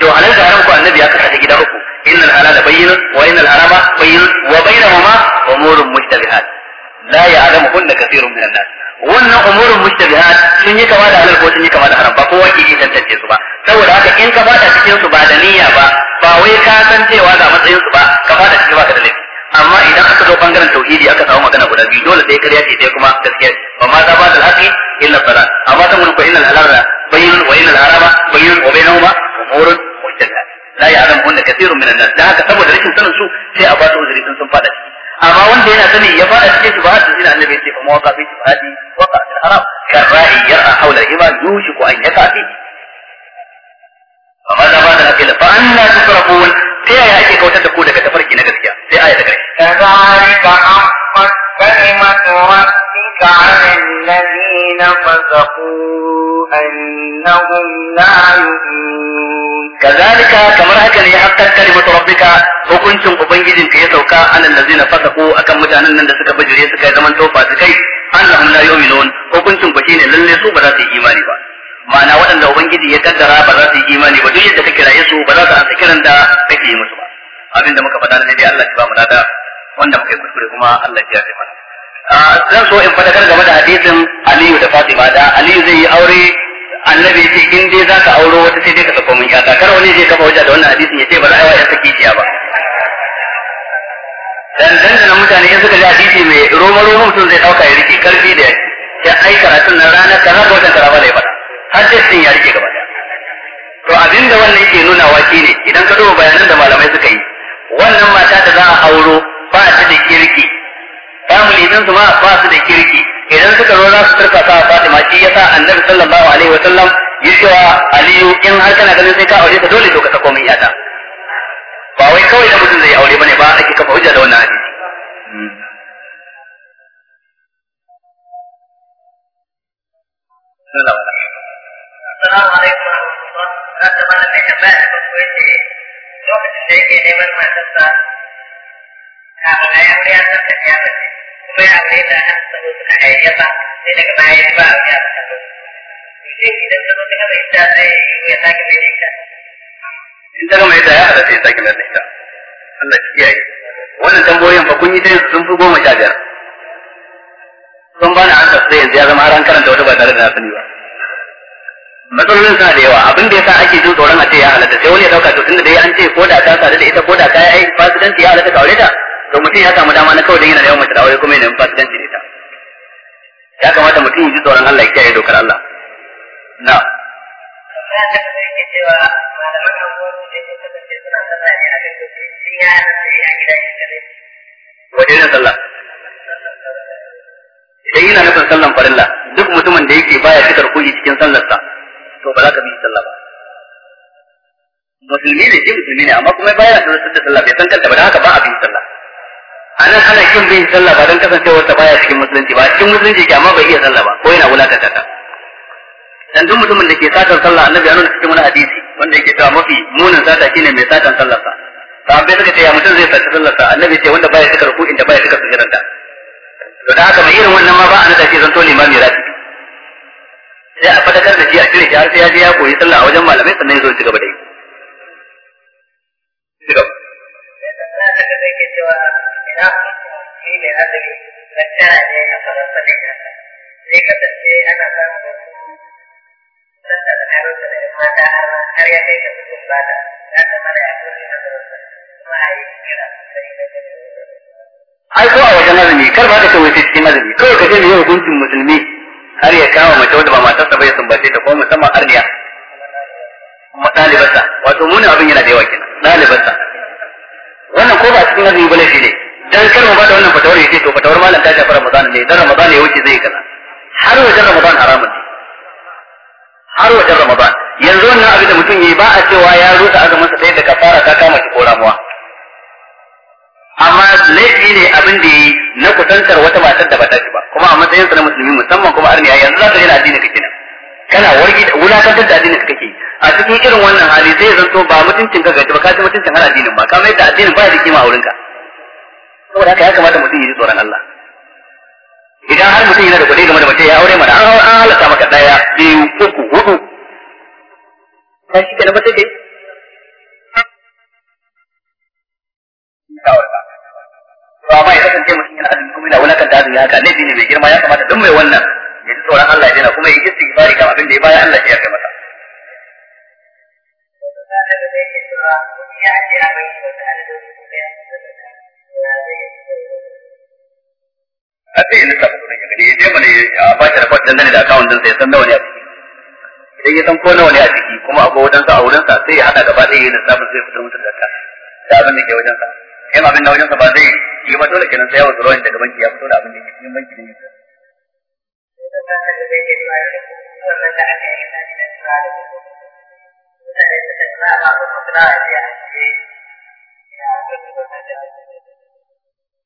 to halal da haram ko annabi ya kasa ta gida uku innal halala bayyinun wa innal harama bayyinun wa bainahuma umurun mushtabihat la ya'lamuhunna kathirun minan nas wannan umurin mushtabihat sun yi kama da halal ko sun yi kama da haram ba kowa ke tantance su ba saboda haka in ka fada cikin su ba da niyya ba ba wai ka san cewa ga matsayin su ba ka fada cikin ba ka da laifi amma idan aka zo bangaren tauhidi aka samu magana guda biyu dole sai kariya ce sai kuma gaskiya ba ma za ba da haƙi illa salat amma ta mulku innal halala bayyin wa innal harama bayyin wa bainahuma umurun mushtabihat la ya'lamu hunna kathirun minan nas da haka saboda rashin sanin su sai a ba su uzuri sun fada ciki amma wanda yana sani ya fara cikin shubahat da annabi sai kuma waka fi shubahati waka fil haram kan ra'i yar'a hawla al-imam yushiku an yaka fi amma da ba da akil fa anna tusrafun sai ya ake kautar da ku daga tafarki na gaskiya sai aya ta gare kadhalika amma kalimatu rabbika 'ala alladhina fasaqu annahum la yu'minun kadhalika kamar haka ne hakkar kalimatu rabbika hukuncin ubangijin ka ya sauka alal fasa ko akan mutanen nan da suka bijire suka yi zaman tofa su kai annahum la yu'minun hukuncin ku shine lalle su ba za su yi imani ba ma'ana waɗanda ubangiji ya kaddara ba za su yi imani ba duk yadda ka kiraye su ba za su ansa kiran da kake yi musu ba abinda muka faɗa na dai Allah ya ba mu lada wanda muka yi kuskure kuma Allah ya yi mana zan so in fadakar game da hadisin Aliyu da Fatima da Aliyu zai yi aure annabi ce in dai zaka auro wata sai dai ka sako mun yaka. kar wani zai kafa wajen da wannan hadisin ya ce ba za a yi wa ya saki ba dan dandanan mutane in suka ji hadisi mai roma roma mutum zai dauka ya rike karfi da yaki ya ai karatun na rana ta rabu watan kaza da ya har sai sun ya rike gaba to abinda wannan yake nuna wa ne idan ka duba bayanan da malamai suka yi wannan mata da za a auro ba ta da kirki family din su ma ba su da kirki idan suka zo za su turka sa Fatima shi yasa Annabi sallallahu alaihi wa sallam ya cewa Aliyu in har kana ganin sai ka aure ka dole to ka sako yata ba wai kawai da mutum zai aure bane ba ake kafa hujja da wannan hadisi Assalamu alaikum wa rahmatullah. Na zama da mai tambaya a kan kuwa ce neman baya ba ya ba ta ya sake in ta gama yadda ya hada ya sake lalata ita Allah shi kiyaye wannan tambayoyin ba kun yi tayin sun fi goma sha biyar sun bani an sai yanzu ya zama har an karanta wata ba tare da na sani ba matsalolin suna da yawa abin da yasa ake jin tsoron a ce ya halatta sai wani ya dauka to tunda dai an ce ko da ta sadu da ita ko da ta yi aiki fasidanci ya halatta ka aure ta to mutum ya samu dama na kawai don yana da yawan mace da aure kuma yana yin fasidanci da ita ya kamata mutum ya ji tsoron Allah ya kiyaye dokar Allah na'am cewa malaman sallah ne aka yi in ya halatta shi gida shi kadai wace irin sallah idan yana nufin sallan farilla duk mutumin da yake baya fitar kuɗi cikin sallarsa to ba za ka bi sallah ba musulmi ne shi musulmi ne amma kuma baya da da sallah bai san kanta ba da haka ba a bin sallah anan ana kin bin sallah ba don kasancewar ta baya cikin musulunci ba cikin musulunci ke amma bai iya sallah ba ko yana wulakanta ta dan mutumin da ke satar sallah annabi ya nuna cikin wani hadisi wanda yake cewa mafi munin sata shine mai satar sallah sa bai suka ce ya mutum zai sata sallah sa annabi ce wanda baya cika ruku'in inda baya cika sujudan da to da haka mai irin wannan ma ba a an da ke zanto limami rafi sai a fadakar da shi a cire shi har sai ya je ya koyi sallah a wajen malamai sannan ya zo ci gaba da yi ci gaba sai kasance ana samun wasu tattalin harinsa da ‘yan mata har ya kai ga gudun bada ya zama da ya kone masarauta kuma yi kira sai da ai ko a wajen azumi kar ba ka ce wai cikin azumi kawai ka ce mai hukuncin musulmi har ya kawo mace wadda ba matarsa ba ya sumbace ta ko musamman arniya ɗalibarsa wato muni abin yana da yawa kenan ɗalibarsa wannan ko ba cikin azumi ba laifi ne dan kar mu bada wannan fatawar ya ce to fatawar malam ta shafa ramadan ne dan ramadan ya wuce zai kaza har wajen ramadan haramun ne har wajen ramadan yanzu wannan abin da mutum yi ba a cewa ya rusa azumin sa sai da kafara ta kama shi ko ramuwa amma laifi ne abin da yi na kusantar wata matar da ba ta ba kuma a matsayin sa na musulmi musamman kuma arniya yanzu za ka yi addini ka kenan kana wargi da wulakantar da addini kake a cikin irin wannan hali sai ya zanto ba mutuncin ka gaji ba ka ci mutuncin har addinin ba kamar yadda addinin ba ya da kima a wurinka saboda haka ya kamata mutum ya ji tsoron Allah idan har mutum yana da kuɗi game da mace ya aure mana an halatta maka ɗaya biyu uku hudu ta shi ke na mace dai to amma ya kasance mutum yana azumi kuma yana wulakan da azumi haka laifi ne mai girma ya kamata don mai wannan ya ji tsoron Allah ya dena kuma ya yi istighfari kan abin da ya baya Allah ya kai masa ya ce ya bai shi wata adadin da ya sai ya lissafa kuɗin ya gani ya je mana ya ba shi da dangane da akawun din ya san nawa ne a ciki idan ya san ko nawa ne a ciki kuma akwai wadansu a wurinsa sai ya haɗa gaba ɗaya ya lissafa sai fitar musu da zakka da abin da ke wajensa in abin da wajensa ba zai yi ba dole kenan sai ya wata daga banki ya fito da abin da ke cikin banki ne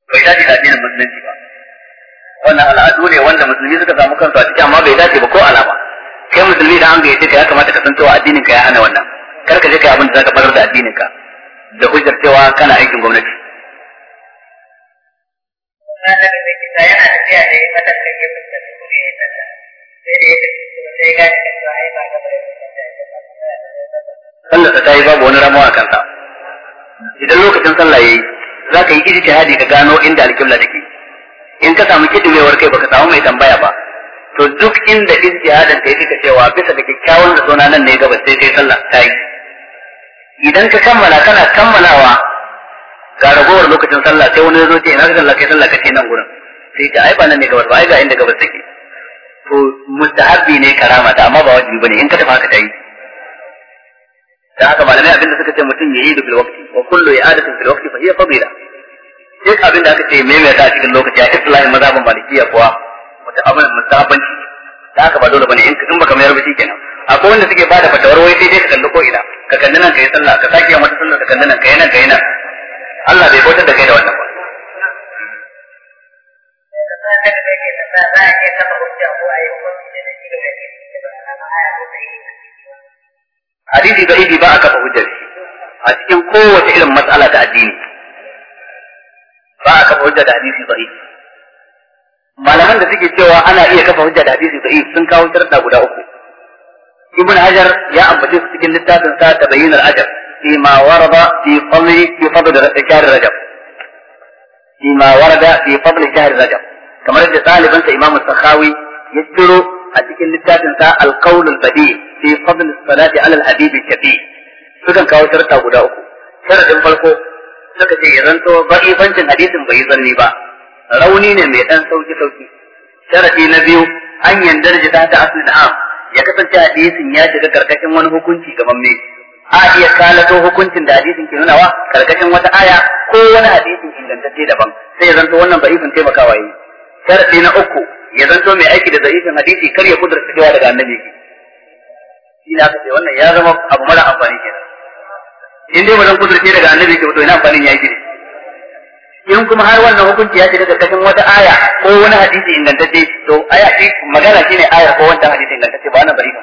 bai dace da addinin musulunci ba wannan al'adu ne wanda musulmi suka samu kansu a ciki amma bai dace ba ko alama kai musulmi da an gayyace ka ya kamata ka san cewa addinin ka ya hana wannan kar ka je kai abin da zaka barar da addinin ka da hujjar cewa kana aikin gwamnati sallar ta yi babu wani ramawa kansa idan lokacin sallah yi, za ka yi ijtihadi ka gano inda alƙibla take in ka samu kidimewar kai baka samu mai tambaya ba to duk inda ijtihadin ta ka cewa bisa da kikkiawan da sona nan ne gaba sai kai sallah ta yi idan ka kammala kana kammalawa ga ragowar lokacin sallah sai wani zo ce ina ka sallah kai sallah kake nan gurin sai ta ai ba nan ne gaba ba ai ga inda gaba take to mustahabbi ne karama ta amma ba wajibi bane in ka tafi haka ta yi da haka malamai abinda suka ce mutum ya yi da bil waqti wa kullu i'adatu bil waqti fa hiya fadila duk abin da aka ce maimaita a cikin lokaci a islamin mazhaban malikiya kuwa wata abin musabanci da aka ba dole bane in in baka mayar ba kenan akwai wanda suke bada fatawar wai sai dai ka kalli ko ina ka kalli nan kai sallah ka saki mata sallah ka kalli nan kai nan kai nan Allah bai bautar da kai da wannan ba hadisi da idi ba aka fahimta a cikin kowace irin matsala ta addini ba a kafa hujja da hadisi sahih malaman da suke cewa ana iya kafa hujja da hadisi sahih sun kawo sharuɗa guda uku ibn hajar ya ambace su cikin littafin sa Bayyana bayyinul ajab fi ma warada fi fadli fi fadli shahr rajab fi ma warada fi fadli shahr rajab kamar da ɗaliban sa imamu sakhawi ya ciro a cikin littafin sa alqaulul badi fi fadli salati ala al-habib al-kabir sukan kawo sharuɗa guda uku sharadin farko suka ce ya zanto ba'ibancin hadisin bai zanni ba rauni ne mai dan sauki sauki sharadi na biyu an yandarji ta ta asli am ya kasance hadisin ya shiga karkashin wani hukunci gaban me a iya kalato hukuncin da hadisin ke nunawa karkashin wata aya ko wani hadisin ingantacce daban sai ya zanto wannan ba'ifin taimakawa yi sharadi na uku ya zanto mai aiki da za'ifin hadisi kar ya kudurta cewa daga annabi shi ne aka ce wannan ya zama abu mara amfani kenan in dai wajen kudurce daga annabi ke to ina amfanin ya yi in kuma har wannan hukunci ya ce daga kashin wata aya ko wani hadisi ingantacce to aya ce magana shine aya ko wancan hadisi ingantacce ba na bari ba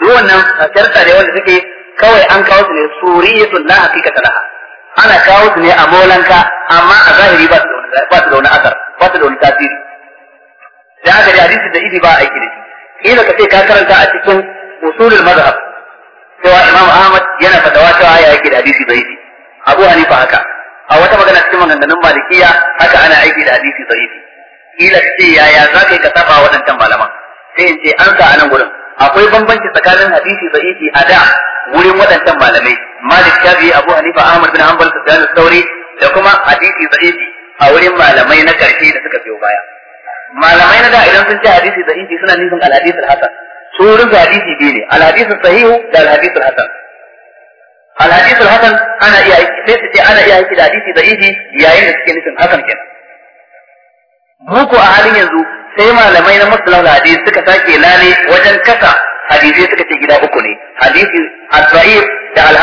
duk wannan sharta ne wanda suke kawai an kawo su ne suriyatul la haqiqatan laha ana kawo su ne a molanka amma a zahiri ba su da wani asar ba su da wani tasiri da aka da hadisi da idi ba aiki da shi kila ka ce ka karanta a cikin usulul mazhab cewa Imam Ahmad yana fatawa cewa ya yake da hadisi zaifi Abu Hanifa haka a wata magana cikin maganganun malikiya haka ana aiki da hadisi zaifi kila ce yaya za ka yi ka saba waɗancan malaman sai in ce an sa a nan gurin akwai bambanci tsakanin hadisi zaifi a da wurin waɗancan malamai Malik Shafi Abu Hanifa Ahmad bin Hanbal Sufyan Sauri da kuma hadisi zaifi a wurin malamai na ƙarshe da suka biyo baya malamai na da idan sun ce hadisi zaifi suna nufin al-hadith al-hasan sun rufe hadisi biyu ne alhadisu sahihu da alhadisu hasan alhadisu hasan ana iya sai su ce ana iya aiki da hadisi da ihi yayin da suke nufin hasan kenan muku a halin yanzu sai malamai na musulun hadisi suka sake lale wajen kasa hadisi suka ce gida uku ne hadisi as-sahih da al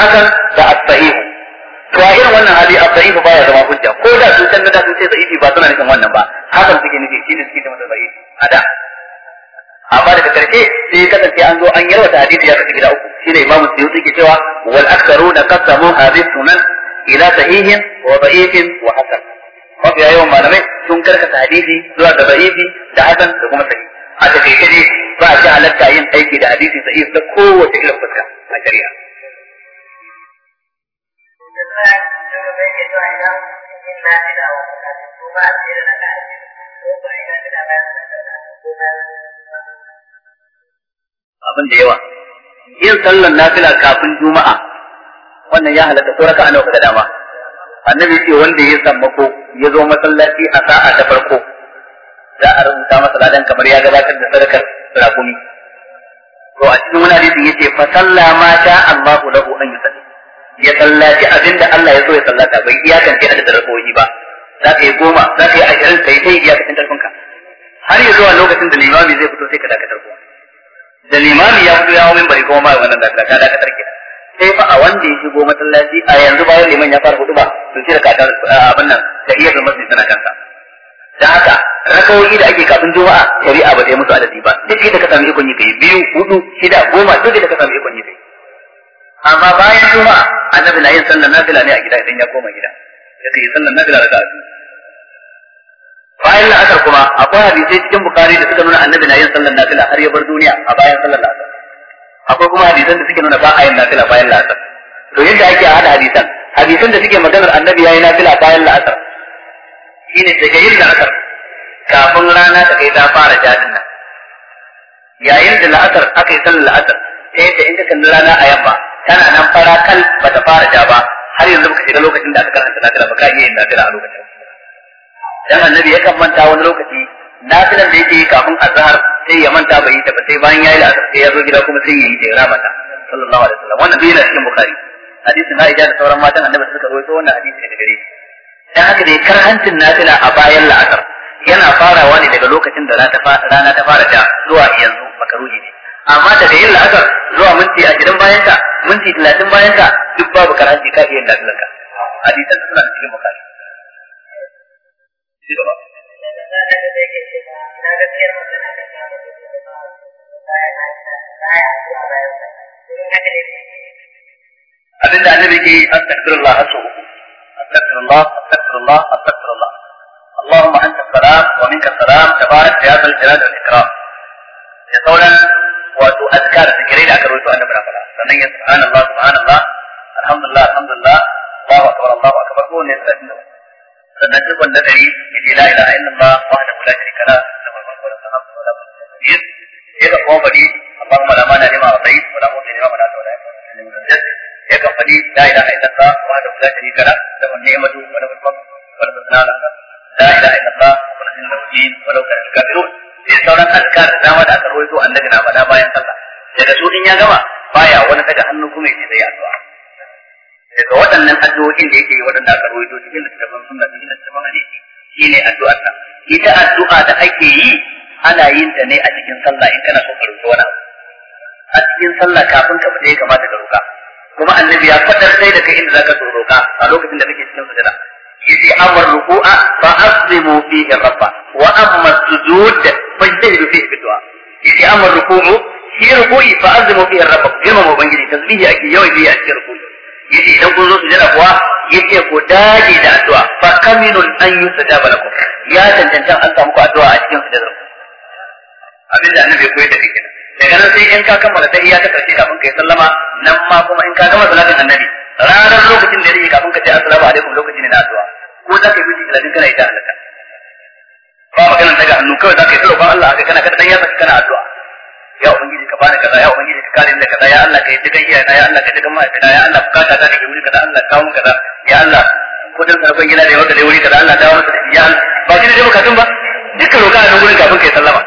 wannan hali as-sahih baya zama hujja ko da sun san da sun ce ba suna nufin wannan ba hakan suke nufi ne suke da madalai da. amma daga karshe sai ya kasance an zo an yarwata hadisi ya kasu gida uku shine imam suyuti ke cewa wal aktharuna qasamu hadith sunan ila sahihin wa da'ifin wa hasan mafi yawan malamai sun karkata hadisi zuwa da da'ifi da hasan da kuma sahihi a take ne ba shi halatta yin aiki da hadisi sahih da kowace irin fuska a shari'a Thank you. abin da yawa yin sallar nafila kafin juma'a wannan ya halatta ko raka'a nawa da dama annabi ce wanda ya ko ya zo masallaci a sa'a ta farko za a rubuta masa ladan kamar ya gabatar da sadakar rakumi to a cikin wani hadisi yace fa salla ma ta Allahu lahu an yusalli ya sallaci abinda Allah ya so ya sallata bai iya iyakance da rakawoyi ba za ka yi goma za ka yi ashirin ka yi iya yi iyakacin karfinka har yanzu zuwa lokacin da limami zai fito sai ka dakatar kuwa da limami ya fito ya hau mimbari kuma ba wannan da ka da ka tarke sai fa a wanda ya shigo masallaci a yanzu bayan liman ya fara ba, sun shi da ka abin nan da iya zama su tana kanka da haka rakawoyi da ake kafin juma'a shari'a ba ta yi musu adadi ba duk da ka sami ikon yi kai biyu hudu shida goma duk da ka sami ikon yi kai amma bayan juma'a annabi na yin sallar nafila ne a gida idan ya koma gida ya yi sallar nafila da biyu bayan la'asar kuma akwai hadisai cikin bukari da suka nuna annabi na yin sallar nafila har ya bar duniya a bayan sallar la'asar akwai kuma hadisan da suke nuna ba a yin nafila bayan la'asar to yadda ake hada hadisan hadisan da suke maganar annabi ya yi nafila bayan la'asar shi ne daga yin la'asar kafin rana ta kai ta fara jadin nan yayin da la'asar aka yi sallar la'asar ta yadda in ka kalli rana a yamma tana nan fara kal bata fara ja ba har yanzu baka shiga lokacin da aka karanta nafila ba ka iya yin nafila a lokacin dan annabi yakan manta wani lokaci nafilan da yake kafin azhar sai ya manta bai yi ta sai bayan yayi la'asar sai ya zo gida kuma sai ya yi ta ramata sallallahu alaihi wasallam wannan bai na cikin bukhari hadisin Aisha da sauran matan annabi suka rawaito wannan hadisi daga gare shi dan haka dai karhancin nafila a bayan la'asar yana farawa ne daga lokacin da rana ta fara ta zuwa yanzu makaruhi ne amma daga yin la'asar zuwa minti ashirin bayan ka minti talatin bayan ka duk babu karanci ka iya lafilanka hadisan suna cikin bukhari إدراك abin da annabi ke astaghfirullah hasu astaghfirullah astaghfirullah astaghfirullah Allahumma anta salam wa minka salam tabarak ya zal jalal wal ikram ya sauran wato azkar zikirai da aka rubuta annabi na fara sannan ya subhanallah subhanallah alhamdulillah alhamdulillah Allahu akbar Allahu akbar ko ne sai sannan cikon na dari ya ce la ilaha illallah wahdahu la sharika la lahul mulku wa lahul hamdu wa la kulli shay'in ya kan kuma bari Allahumma la mana lima atait wa la mawta lima manata wa la ya kan fadi la ilaha illallah wahdahu la sharika la lahul ni'matu wa lahul mulku wa lahul hamdu la ilaha illallah mukhlisin lahu din wa law kana al-kafirun sai sauran azkar da ma da aka rawaito annabi na faɗa bayan sallah daga su in ya gama baya wani daga hannu kuma ya daga waɗannan addu'o'in da yake yi waɗanda aka rawaito cikin littafin sunna cikin littafin hadisi shine addu'a ta ita addu'a da ake yi ana yin ta ne a cikin sallah in kana so ka roƙi wani a cikin sallah kafin ka fita ya kamata ka roƙa kuma annabi ya fadar sai da kai inda zaka so roƙa a lokacin da kake cikin sujada yace amar ruku'a fa aslimu fihi rabba wa amma sujud fajtahidu fihi bidwa yace amar ruku'u shi ruku'i fa aslimu fihi rabba girma ubangiji tasbihi ake yawai biya a cikin ruku'i yace idan kun zo jira kuwa yace ku dage da addu'a fa kaminun an yustajaba lakum ya tantance an samu ku addu'a a cikin sujada abinda annabi koyi koyar da kai daga nan sai in ka kammala ta iya ta karshe kafin kai sallama nan ma kuma in ka gama salatin annabi ranar lokacin da yake kafin ka ce assalamu alaikum lokacin ne na addu'a ko za ka yi wuce talatin kana ita halaka ba maganar daga hannu kawai za ka yi ta roƙon Allah ka kana kada dan yasa kana addu'a ya ubangiji ka bani kaza ya ubangiji ka kare ni kaza ya Allah ka yi dukan iyana ya Allah ka dukan ma'aikata ya Allah bukata ta da ke wuri kaza Allah kawo kaza ya Allah dan sarfan gida da wanda da wuri kaza Allah dawo masa ya ba shi da bukatun ba dukkan roƙa da wurin kafin kai sallama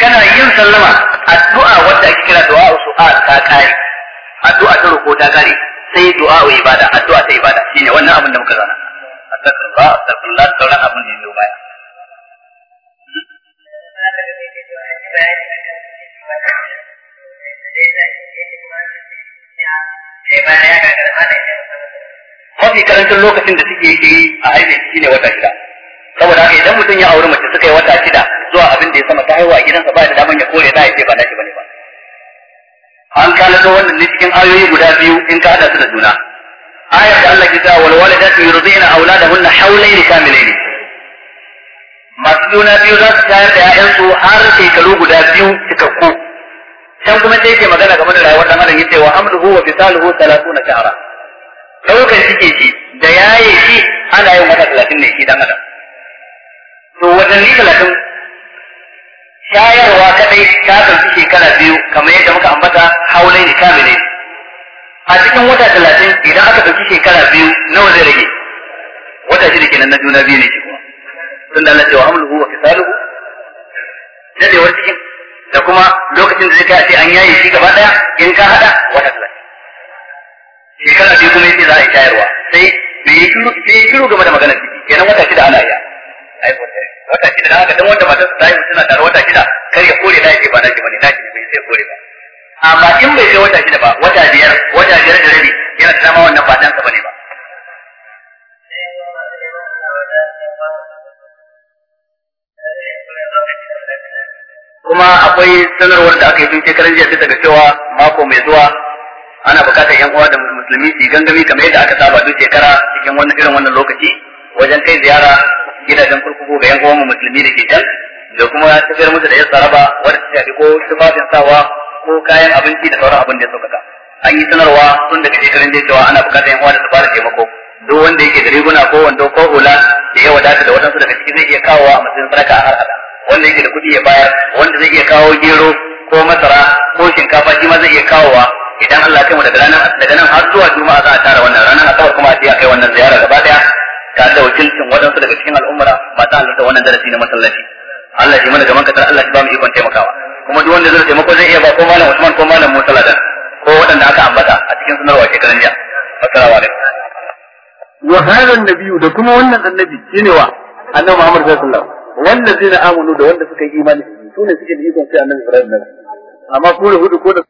kana yin sallama addu'a wanda ake kira du'a su'al ta kare addu'a ta roƙo ta kare sai du'a ibada addu'a ta ibada shine wannan abin da muka zana astaghfirullah astaghfirullah sauran abin da baya Kofi karancin lokacin da suke yi a aibin ne wata shida saboda haka idan mutum ya auri mace suka yi wata shida zuwa abin da ya sama ta haihuwa gidansa ba da daman ya kore ta a ce ba shi bane ba an kalato wannan ne cikin ayoyi guda biyu in ka hada su da juna ayar da Allah ke cewa wal da yurdina auladahunna hawlayn kamilayn masu juna biyu za su tayar da ‘ya'yansu har shekaru guda biyu cikakku can kuma ta ke magana game da rayuwar dan adam yace wa amruhu wa fisaluhu 30 shahra daukan cike shi da yaye shi ana yin wata talatin ne shi dan adam to watanni talatin, shayarwa kadai ta ɗauki shekara biyu kamar yadda muka ambata haulai ne kamile a cikin wata talatin, idan aka ɗauki shekara biyu nawa zai rage wata shi da kenan na juna biyu ne shi tunda Allah ce wa hamluhu wa fisaluhu dadewar cikin da kuma lokacin da zai kai a ce an yaye shi gaba daya in ka hada wata shi shekara biyu kuma yace za a yi sai bai yi shiru bai game da maganar ciki kenan wata shida ana ai wata shida da haka dan wanda matar ta yi suna tare wata shida kar ya kore da yake ba na bane da ne bai sai kore ba amma in bai kai wata shida ba wata biyar wata biyar da rabi yana dama wannan ba dan sa bane ba kuma akwai sanarwar da aka yi tun shekarun jiya ta daga cewa mako mai zuwa ana bukatar yan uwa da musulmi su gangami kamar yadda aka saba duk shekara cikin wannan irin wannan lokaci wajen kai ziyara gidajen kurkuku ga yan uwan musulmi da ke can da kuma tafiyar musu da yasa raba wadda ta shafi ko tufafin sawa ko kayan abinci da sauran abin da ya sauƙaƙa an yi sanarwa tun daga shekarun jiya cewa ana bukatar yan uwa da su fara taimako duk wanda yake da riguna ko wando ko hula da ya wadata da waɗansu daga ciki zai iya kawowa a matsayin sadaka a harkar wanda yake da kuɗi ya bayar wanda zai iya kawo gero ko masara ko shinkafa shi ma zai iya kawowa idan Allah ya kai mu daga ranar daga nan har zuwa juma'a za a tara wannan ranar asabar kuma a je a kai wannan ziyara gaba daya tare da wakilcin waɗansu daga cikin al'ummar masu halarta wannan darasi na masallaci Allah shi mana gaban kasar Allah shi ba mu ikon taimakawa kuma duk wanda zai taimako zai iya ba ko malam Usman ko malam Musa Ladan ko waɗanda aka ambata a cikin sunarwa shekaran jiya assalamu alaikum wa hadha an-nabiyyu da kuma wannan annabi shine wa annabi Muhammad sallallahu alaihi wasallam wanda zai na amanu da wanda suka yi imani su ne suke da ikon sai annabi Ibrahim na amma su da hudu ko da